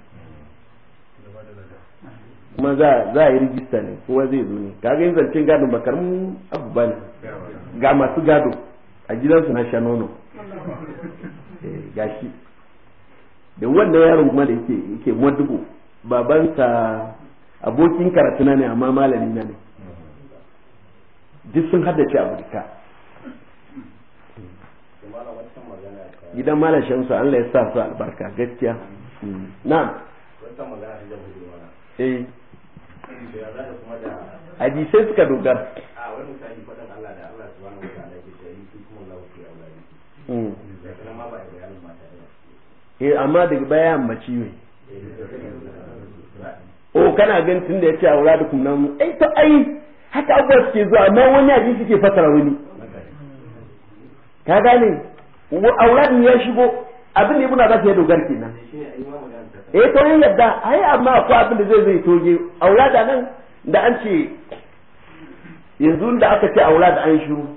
kuma za a yi rijista ne kowa zai zo ne kaga yin zancen gado ba karamin abu ba ne ga masu gado a gidansu na sha nono *laughs* eh, gashi da wannan yaron kuma da yake yake madugo babansa abokin karatuna ne amma malami na ne duk sun haddace a duka gidan malam su Allah ya sa su albarka gaskiya hmm. na'am eh hadisai suka dogara eh amma daga baya ambaci ne eh, o kana gan tun da yace aura da kuma mu ai to ai haka abuwa suke zuwa amma wani hadisi suke fasara wani ka gane aura ya shigo abin da ibnu abbas ya dogara kenan eh to ya yadda ai amma akwai abin da zai zai toge aulada nan da an ce yanzu da aka ce aulada an shiru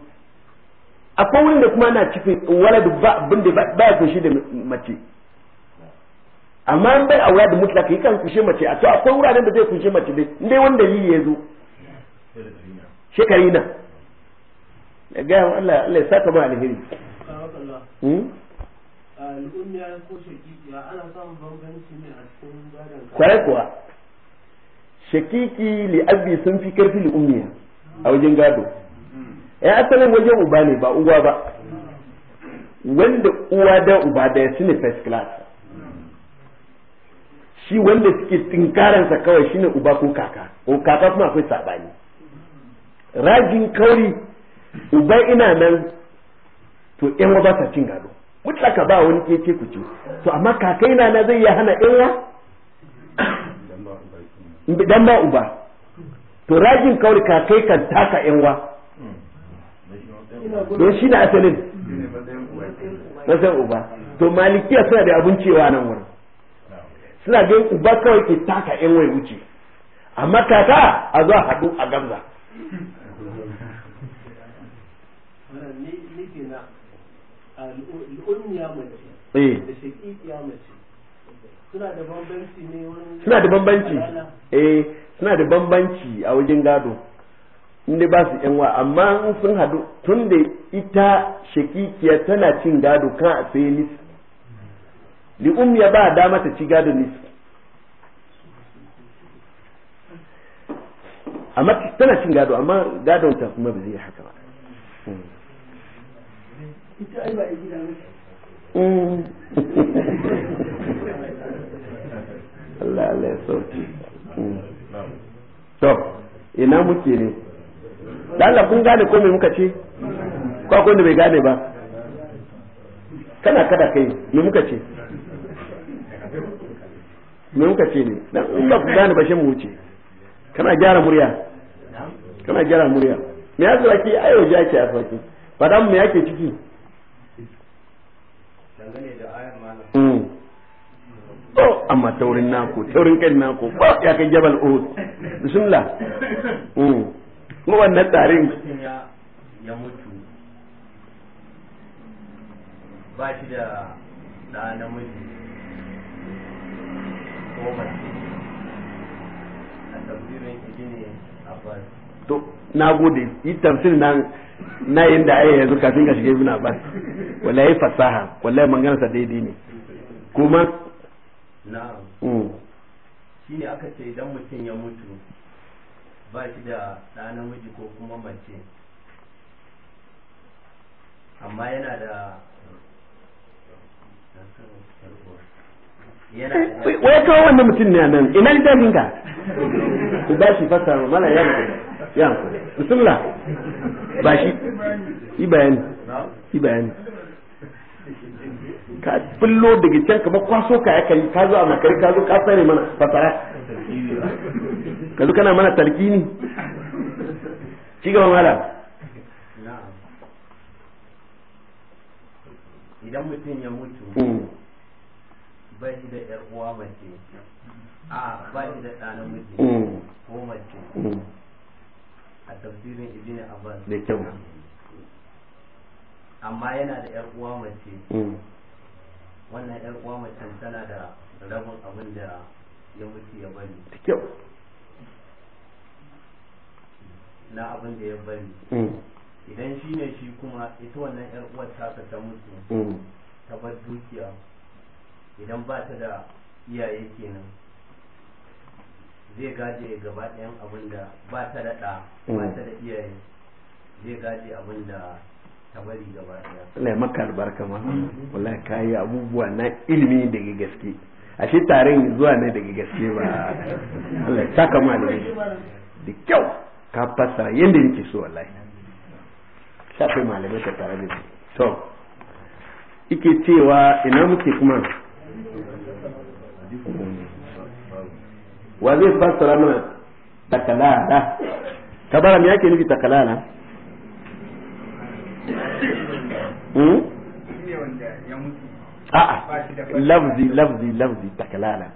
akwai wurin da kuma na cikin waladu ba abin da ba ya kunshi da mace amma an bai aulada mutlaka yi kan kushe mace a to akwai wuraren da zai kushe mace dai indai wanda yi ya zo shekari na ya Allah Allah ya saka ba alheri hmm? al'umma ko shaki kwarai kuwa shakiki li abi sun fi karfi li ummiya a wajen gado ya mm. eh, asalin wajen uba ne ba uwa ba wanda uwa da uba da ya ne first class shi wanda suke tinkaransa kawai shi ne uba ko kaka ko kaka kuma akwai sabani rajin kauri uba ina nan to yan ba sa cin gado mutlaka ba wani kece ku ce to amma kakaina na na zai ya hana illa dan ba uba to rajin kawai kakai kan taka yanwa don shi na asalin matsayin uba to malikiya suna da abun cewa nan wurin suna ganin uba kawai ke taka yan wai wuce amma kaka a zuwa haɗu a gamza Eh. suna da bambanci wani eh, suna da bambanci a wajen gado inda ba su yanwa amma in sun hadu tun da ita shakikiya tana cin gado kan a sai nis li'um ya ba dama ta ci gado nis amma tana cin gado amma gadon ta kuma ba zai haka ba hmm. *laughs* Allah Allah ya sauki to ina muke ne Allah kun gane ko me muka ce ko akwai wanda bai gane ba kana kada kai me muka ce me muka ce ne dan in ba ku gane ba shin mu wuce kana gyara murya kana gyara murya me yasa ake ayo jaki a farki fadan me yake ciki Oh, amma taurin nako, taurin kan nako, ba ya kai jabal Uhud. Bismillah. Kuma hmm. wannan tsarin. Ya mutu. Ba shi da da namiji. Ko mace. A tafsirin shi ne Abbas. To, na gode, yi tafsirin nan na inda ai yanzu kafin ka shiga ibn abbas wallahi fasaha wallahi magana sa daidai ne kuma na'am mm. shine aka ce idan mutum ya mutu ba shi da ɗa namiji ko kuma mace amma yana da eh, wai kawo wanda mutum ne nan ina littafin ka *laughs* ku ba shi fasa mala ya yanku bismillah ba shi yi ka fullo daga can kamar ka ya kai ka zo a makari ka zo ka mana fasara ka zo kana mana ci gaban hala idan mutum ya mutu hmm. ba shi da yar mace a ba shi da hmm. ko mace hmm. a tafsirin ibn abbas da kyau amma yana da yar uwa mace mm. wannan yar uwa mace tana da rabin abin da ya mutu ya bari da kyau na abin da ya bari mm. idan shi ne shi kuma ita wannan yar uwar tasa ta mutu mm. ta bar dukiya idan ba ta da iyaye kenan zai gaje gaba ɗayan abin da ba ta da ɗa mm. ba ta da iyaye zai gaje abin da ta bari gaba ɗaya Allah ya maka albarka ma mm. wallahi kayi abubuwa na ilimi daga gaske ashe tarin zuwa ne daga gaske ba Allah ya saka ma da da kyau ka fasa yadda yake so wallahi shafi malamai ka tare da to ike cewa ina muke kuma wa zai fassara mana takalala kabara me yake nufi takalala hmm? a'a lafzi lafzi lafzi takalala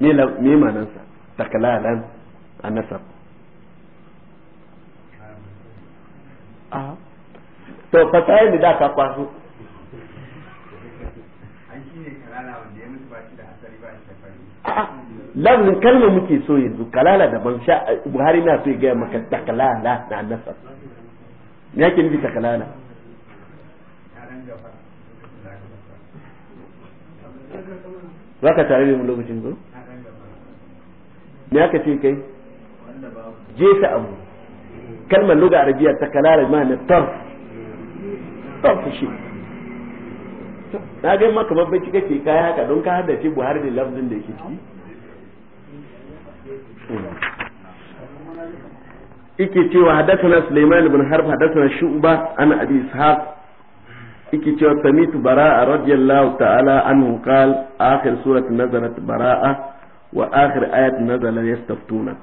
me me manansa takalalan a to fasayin da ka kwaso an ne kalala wanda ya mutu ba shi da hasari ba shi da fari Lafin kalma muke so yanzu kalala ban sha buhari na so ya gaya maka takalala na nasar ya ke nufi takalala za ka tare mu lokacin zo ya ka ce kai jefa abu kalmar luga arabiya ta kalara ma na tar tarf shi na ga maka babban cike ke kaya haka don ka haddace buhari da lafzin da yake ciki yake cewa hadathana Sulaiman ibn Harb hadathana Shu'ba an Abi Ishaq yake cewa samitu Bara'a radiyallahu ta'ala anhu qal akhir surat nazalat Bara'a wa akhir ayat nazala yastaftuna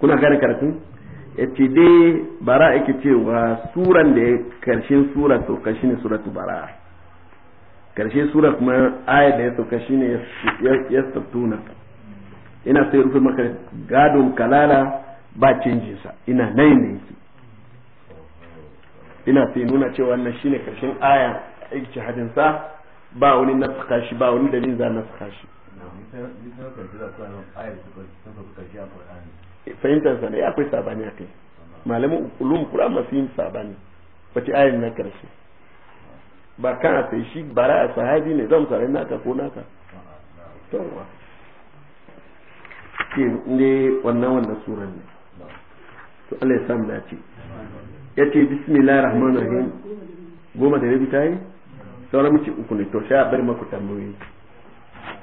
kuna gane karatu yace dai Bara'a yake cewa suran da ya karshen sura sauka shine suratu Bara'a karshen sura kuma ayat da ya sauka shine yastaftuna ina sai rufe maka gadon kalala ba canjin sa ina nai ne yake ina sai nuna cewa wannan shine karshen aya ijtihadin sa ba wani na shi ba wani dalilin za saka shi fahimtar sa ne akwai sabani a kai malamin ulum qur'an masu yin sabani wace ayin na karshe ba kana sai shi bara a sahabi ne zan sare naka ko naka to ce ne wannan wannan suran ne to Allah ya samu dace ya ce bismillahir rahmanir rahim goma da rabi ta yi sauran uku ne to sha bar maku tambayoyi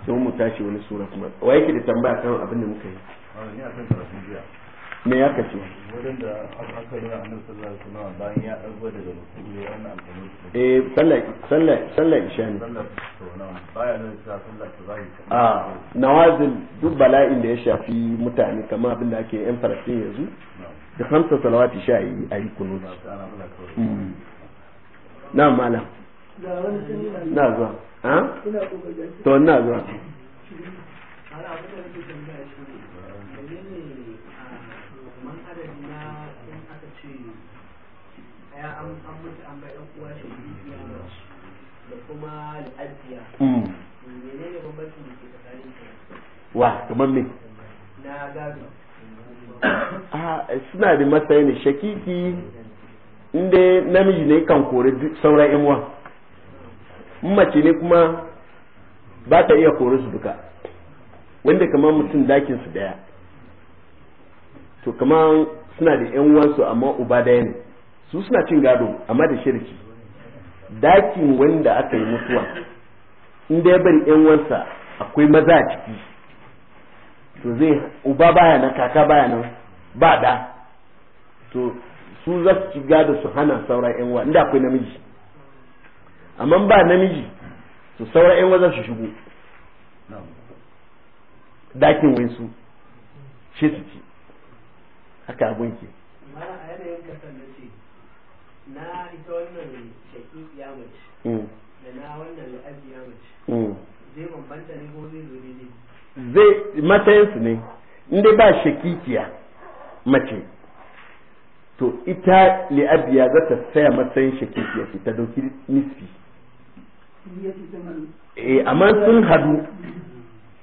sai mu tashi wani sura kuma wa yake da tambaya kan abin da muka yi me ya kace eh sallah sallah sallah a nawazil bala'in da ya shafi mutane kamar da ake yan yanzu da hamsa salawati sha a yi kunu na mala na zuwa to na zuwa da kuma wa kamar me na suna da matsayi ne shakiki inda namiji ne kan kori sauran yan mace ne kuma ba ta iya kori su duka wanda kamar mutum dakin su daya to kamar suna da yan amma uba daya ne su suna cin gado amma da shirki dakin wanda aka yi mutuwa in ya bari yan wansa akwai maza a ciki to zai uba baya nan kaka baya nan ba da to su za su ci gado su hana sauran yan wa inda akwai namiji amma ba namiji to sauran yan za su shigo dakin wansu shi su ci haka abun ke na ita wannan shakikiya mace mm. da na wannan la'ajiya mace mm. zai bambanta ne ko zai zo ne zai matsayin ne inda dai ba shakikiya mace to ita li'abiya za ta saya matsayin shakikiya ce ta dauki nisfi eh amma sun hadu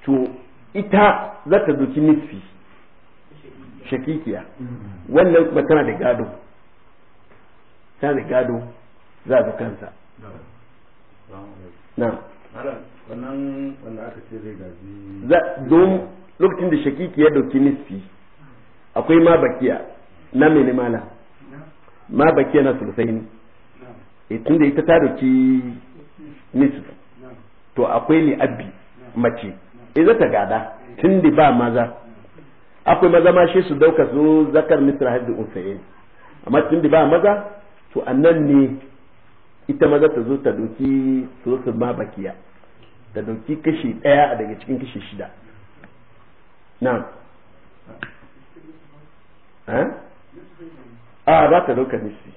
to ita za ta dauki nisfi shakikiya mm. wannan kuma tana da gado sani gado za su kansa na don lokacin da shakiki ya dauki nisfi akwai ma bakiya na mene mala ma bakiya na sulusai ne eh, tun da ita ta dauki nisfi to akwai ni abbi mace E eh, zata gada tun da ba maza akwai maza ma shi su dauka su zakar misra hadda unsayin amma tun da ba maza to annan ne ita maza ta zo ta doki sulusun ma bakiya ta doki kashi daya daga cikin kashi shida na eh? a za ta dauka nisi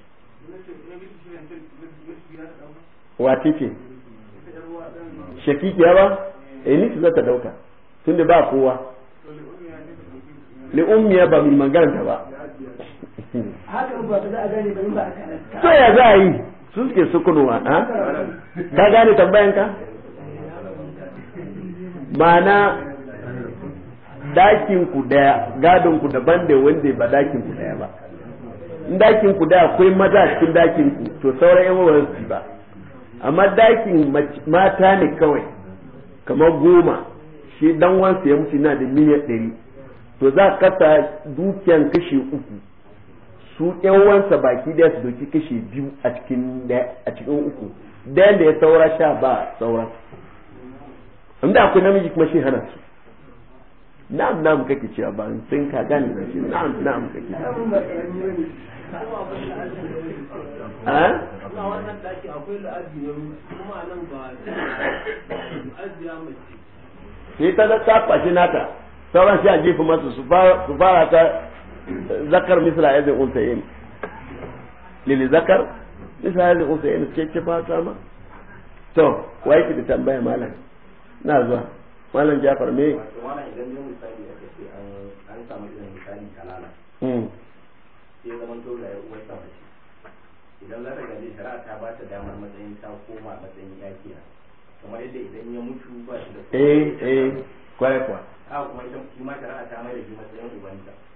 wace ce shakikiya ba eh nisi za ta dauka tunda ba kowa li ummiya ba mai magaranta ba haka za a gane ba a to ya za a yi sun suke sukunuwa ha ka gane tambayan ka ma'ana dakin ku daya gadon ku daban da wanda ba dakin ku daya ba in dakin ku daya akwai maza cikin dakin ku to sauran yan wawan su ba amma dakin mata ne kawai kamar goma shi dan wansa ya mutu na da miliyan ɗari to za ka kasa dukiyan kashi uku su yawansa baki daya su doki kashe biyu a cikin uku dayan da ya saura sha ba saura inda akwai namiji kuma shi hana su na'am na'am kake cewa ba sun ka gane na shi na'am na'am kake a wannan daki akwai la'azi na kuma nan ba la'azi ya mace sai ta ta kwashe nata sauran sai a jefa masu su fara ta zakar misla ya zai lili zakar misla ya zai unsa yin fata ma to wa yake da tambaya malam na zuwa malam jafar me misali hmm. ta ba ta damar matsayin ta koma matsayin yakiya kamar yadda idan ya mutu ba shi da eh eh kwarai kwa a kuma ita ma shari'a ta mai da shi matsayin ubanta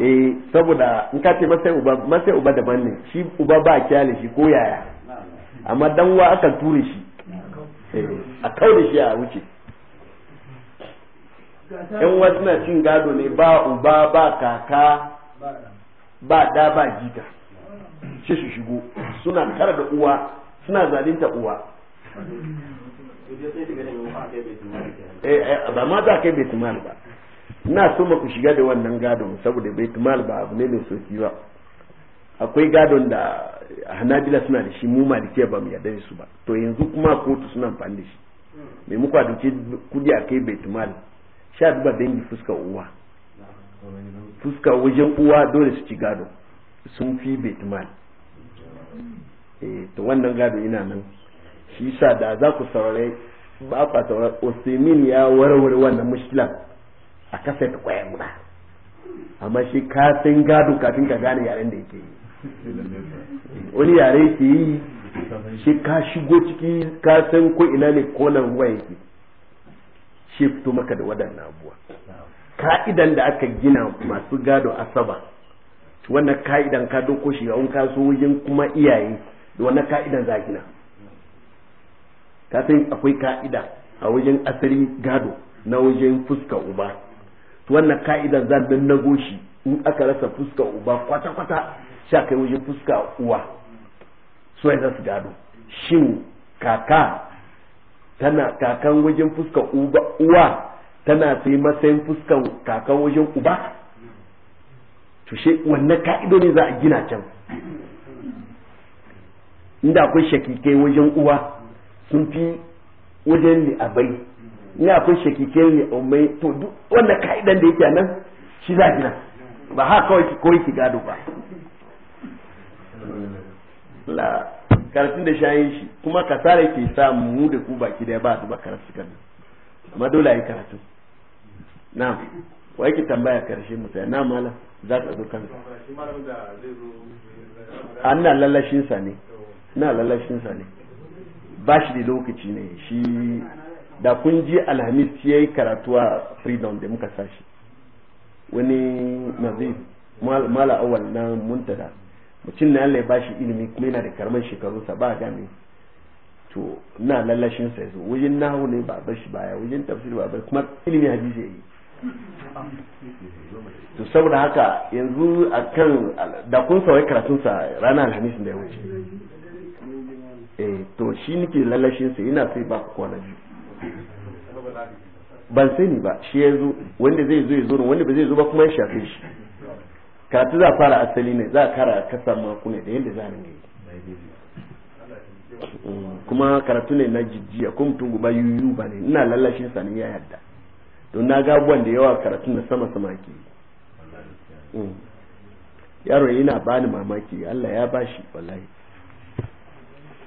eh saboda in ka ce masai uba masai uba daban ne shi uba ba kyale shi ko yaya amma dan aka ture shi eh, a kaure shi a wuce yan uwa suna cin gado ne ba uba ba kaka ba da ba jita shi su shigo suna kara da uwa suna zalinta uwa eh, eh ba ma za kai bai ba na so ku shiga da wannan gadon saboda bai tumal ba abu ne mai soki ba akwai gadon da hanabila suna da shi mu malikiya ba mu yarda da su ba to yanzu kuma kotu suna amfani da shi mai muku a duke kudi a kai tumal sha duba dangi fuska uwa fuska wajen uwa dole su ci gado sun fi bai tumal eh, to wannan gado ina nan shi sa da za ku saurare ba ku saurare ya warware wannan mushkilar a kasa da kwaya guda amma shi kafin gado kafin ka gane yaren da yake yi wani yare ke yi shi ka shigo ciki ka san ko ina ne ko nan ruwa yake shi fito maka da waɗannan abuwa ka'idan da aka gina masu gado asaba wannan ka'idan ka doko shi yawon wajen kuma iyaye da wannan ka'idan za gina ka san akwai ka'ida a wajen asali gado na wajen fuska uba wannan ka'idar zan na goshi shi in aka rasa fuska uba kwata kwata sha kai wajen fuska uwa so ya su gado shin kaka tana kakan wajen fuska uba uwa tana sai matsayin fuskan kakan wajen uba to she wannan ne za a gina can inda akwai shakikai wajen uwa sun fi wajen li'abai ni akwai shakikiyar ne umai to duk wannan ka'idan da yake nan shi za gina ba ha kawai ki koyi ki gado ba la karatun da shayin shi kuma sare ke sa mu da ku baki da ba su ba karatu kan amma dole yi karatu na wa yake tambaya karshe mu sai na mala za ka zo kan an na sa ne na lalashin sa ne ba shi da lokaci ne shi da kun ji alhamis ya yi karatuwa freedom da muka sashi wani nazir mala awal na muntada mutum na Allah ya bashi ilimi kuma yana da shekaru sa ba gane to na lallashin sa yazo wajen nahu ne ba bar shi baya wajen tafsir ba bar kuma ilimi hadisi yayi to saboda haka yanzu akan da kun sawai karatun sa ranar alhamis da ya wuce eh to shi nake lallashin sa ina sai ba kwana biyu ban sani ba shi ya zo wanda zai zo ya zo wanda ba zai zo ba kuma ya shafe shi karatu za a fara asali ne za a kara kasa ne da yadda za a ringa kuma karatu ne na jijjiya ko mutum guba yuyu ba ne ina lallashin sa ya yadda don na ga abubuwan da yawa karatun na sama sama ke mm. yaro yana bani mamaki Allah ya bashi wallahi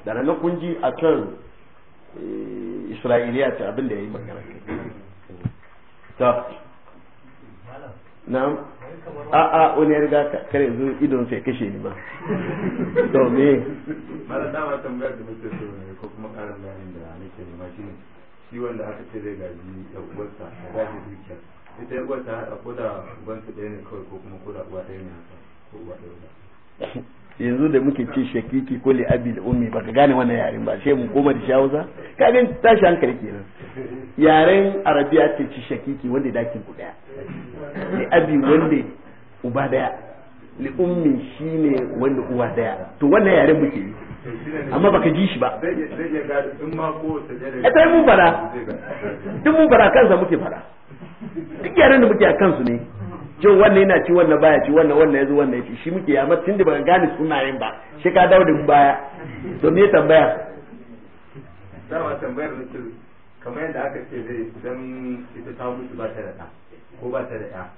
da ranar kunji a kan Eh, isra'iliya ce abin da ya yi magana ta na'am a a wani ya riga kare zuwa idon sai kashe ni ba to me mala dama tambaya da muke so ne ko kuma karin bayanin da nake nema ne shi wanda aka ce zai gaji da uwarsa ya gaji dukiya ita uwarsa ko da ubansa ɗaya ne kawai ko kuma ko da uwa ɗaya ne haka ko uwa ɗaya yanzu da muke ce shakiki ko li abi da ummi baka gane wannan yaren ba sai mu koma da shawuza ka ga tashi hankali kenan yaren arabiya ce ci shakiki wanda dakin ku daya li abi wanda uba daya li ummi shine wanda uwa daya to wannan yaren muke yi amma baka ji shi ba eh, sai mun fara duk mun fara kansa muke fara duk yaren da muke a kansu ne cewa wannan yana ci wannan baya ci wannan wannan yazo wannan yace shi muke amma tun da baka gane sunayen ba shi ka dawo da baya to me tambaya dama tambayar mutu kamar yadda aka ce zai dan ita ta mutu ba ta da ɗa ko ba ta da ya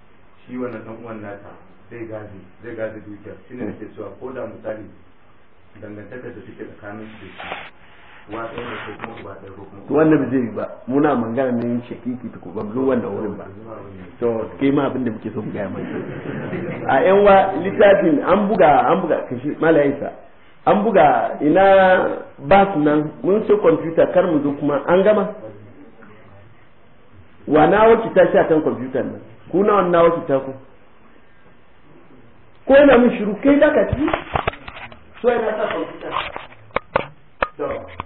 shi wannan dan uwan nata zai gazi zai gaji dukiyar shine nake cewa ko da misali dangantaka da suke tsakanin su wannan ba zai ba muna mangana ne yin shakiki tuku ba zuwa wannan wurin ba to kai ma abin da muke so mu gaya mai a yan wa littafin an buga an buga kashi malayansa an buga ina su nan mun ce kwamfuta kar mu zo kuma an gama wa na ta shi kan kwamfuta nan ku na wannan ta ku ko yana mun shiru kai da ka ci so yana ta kwamfuta to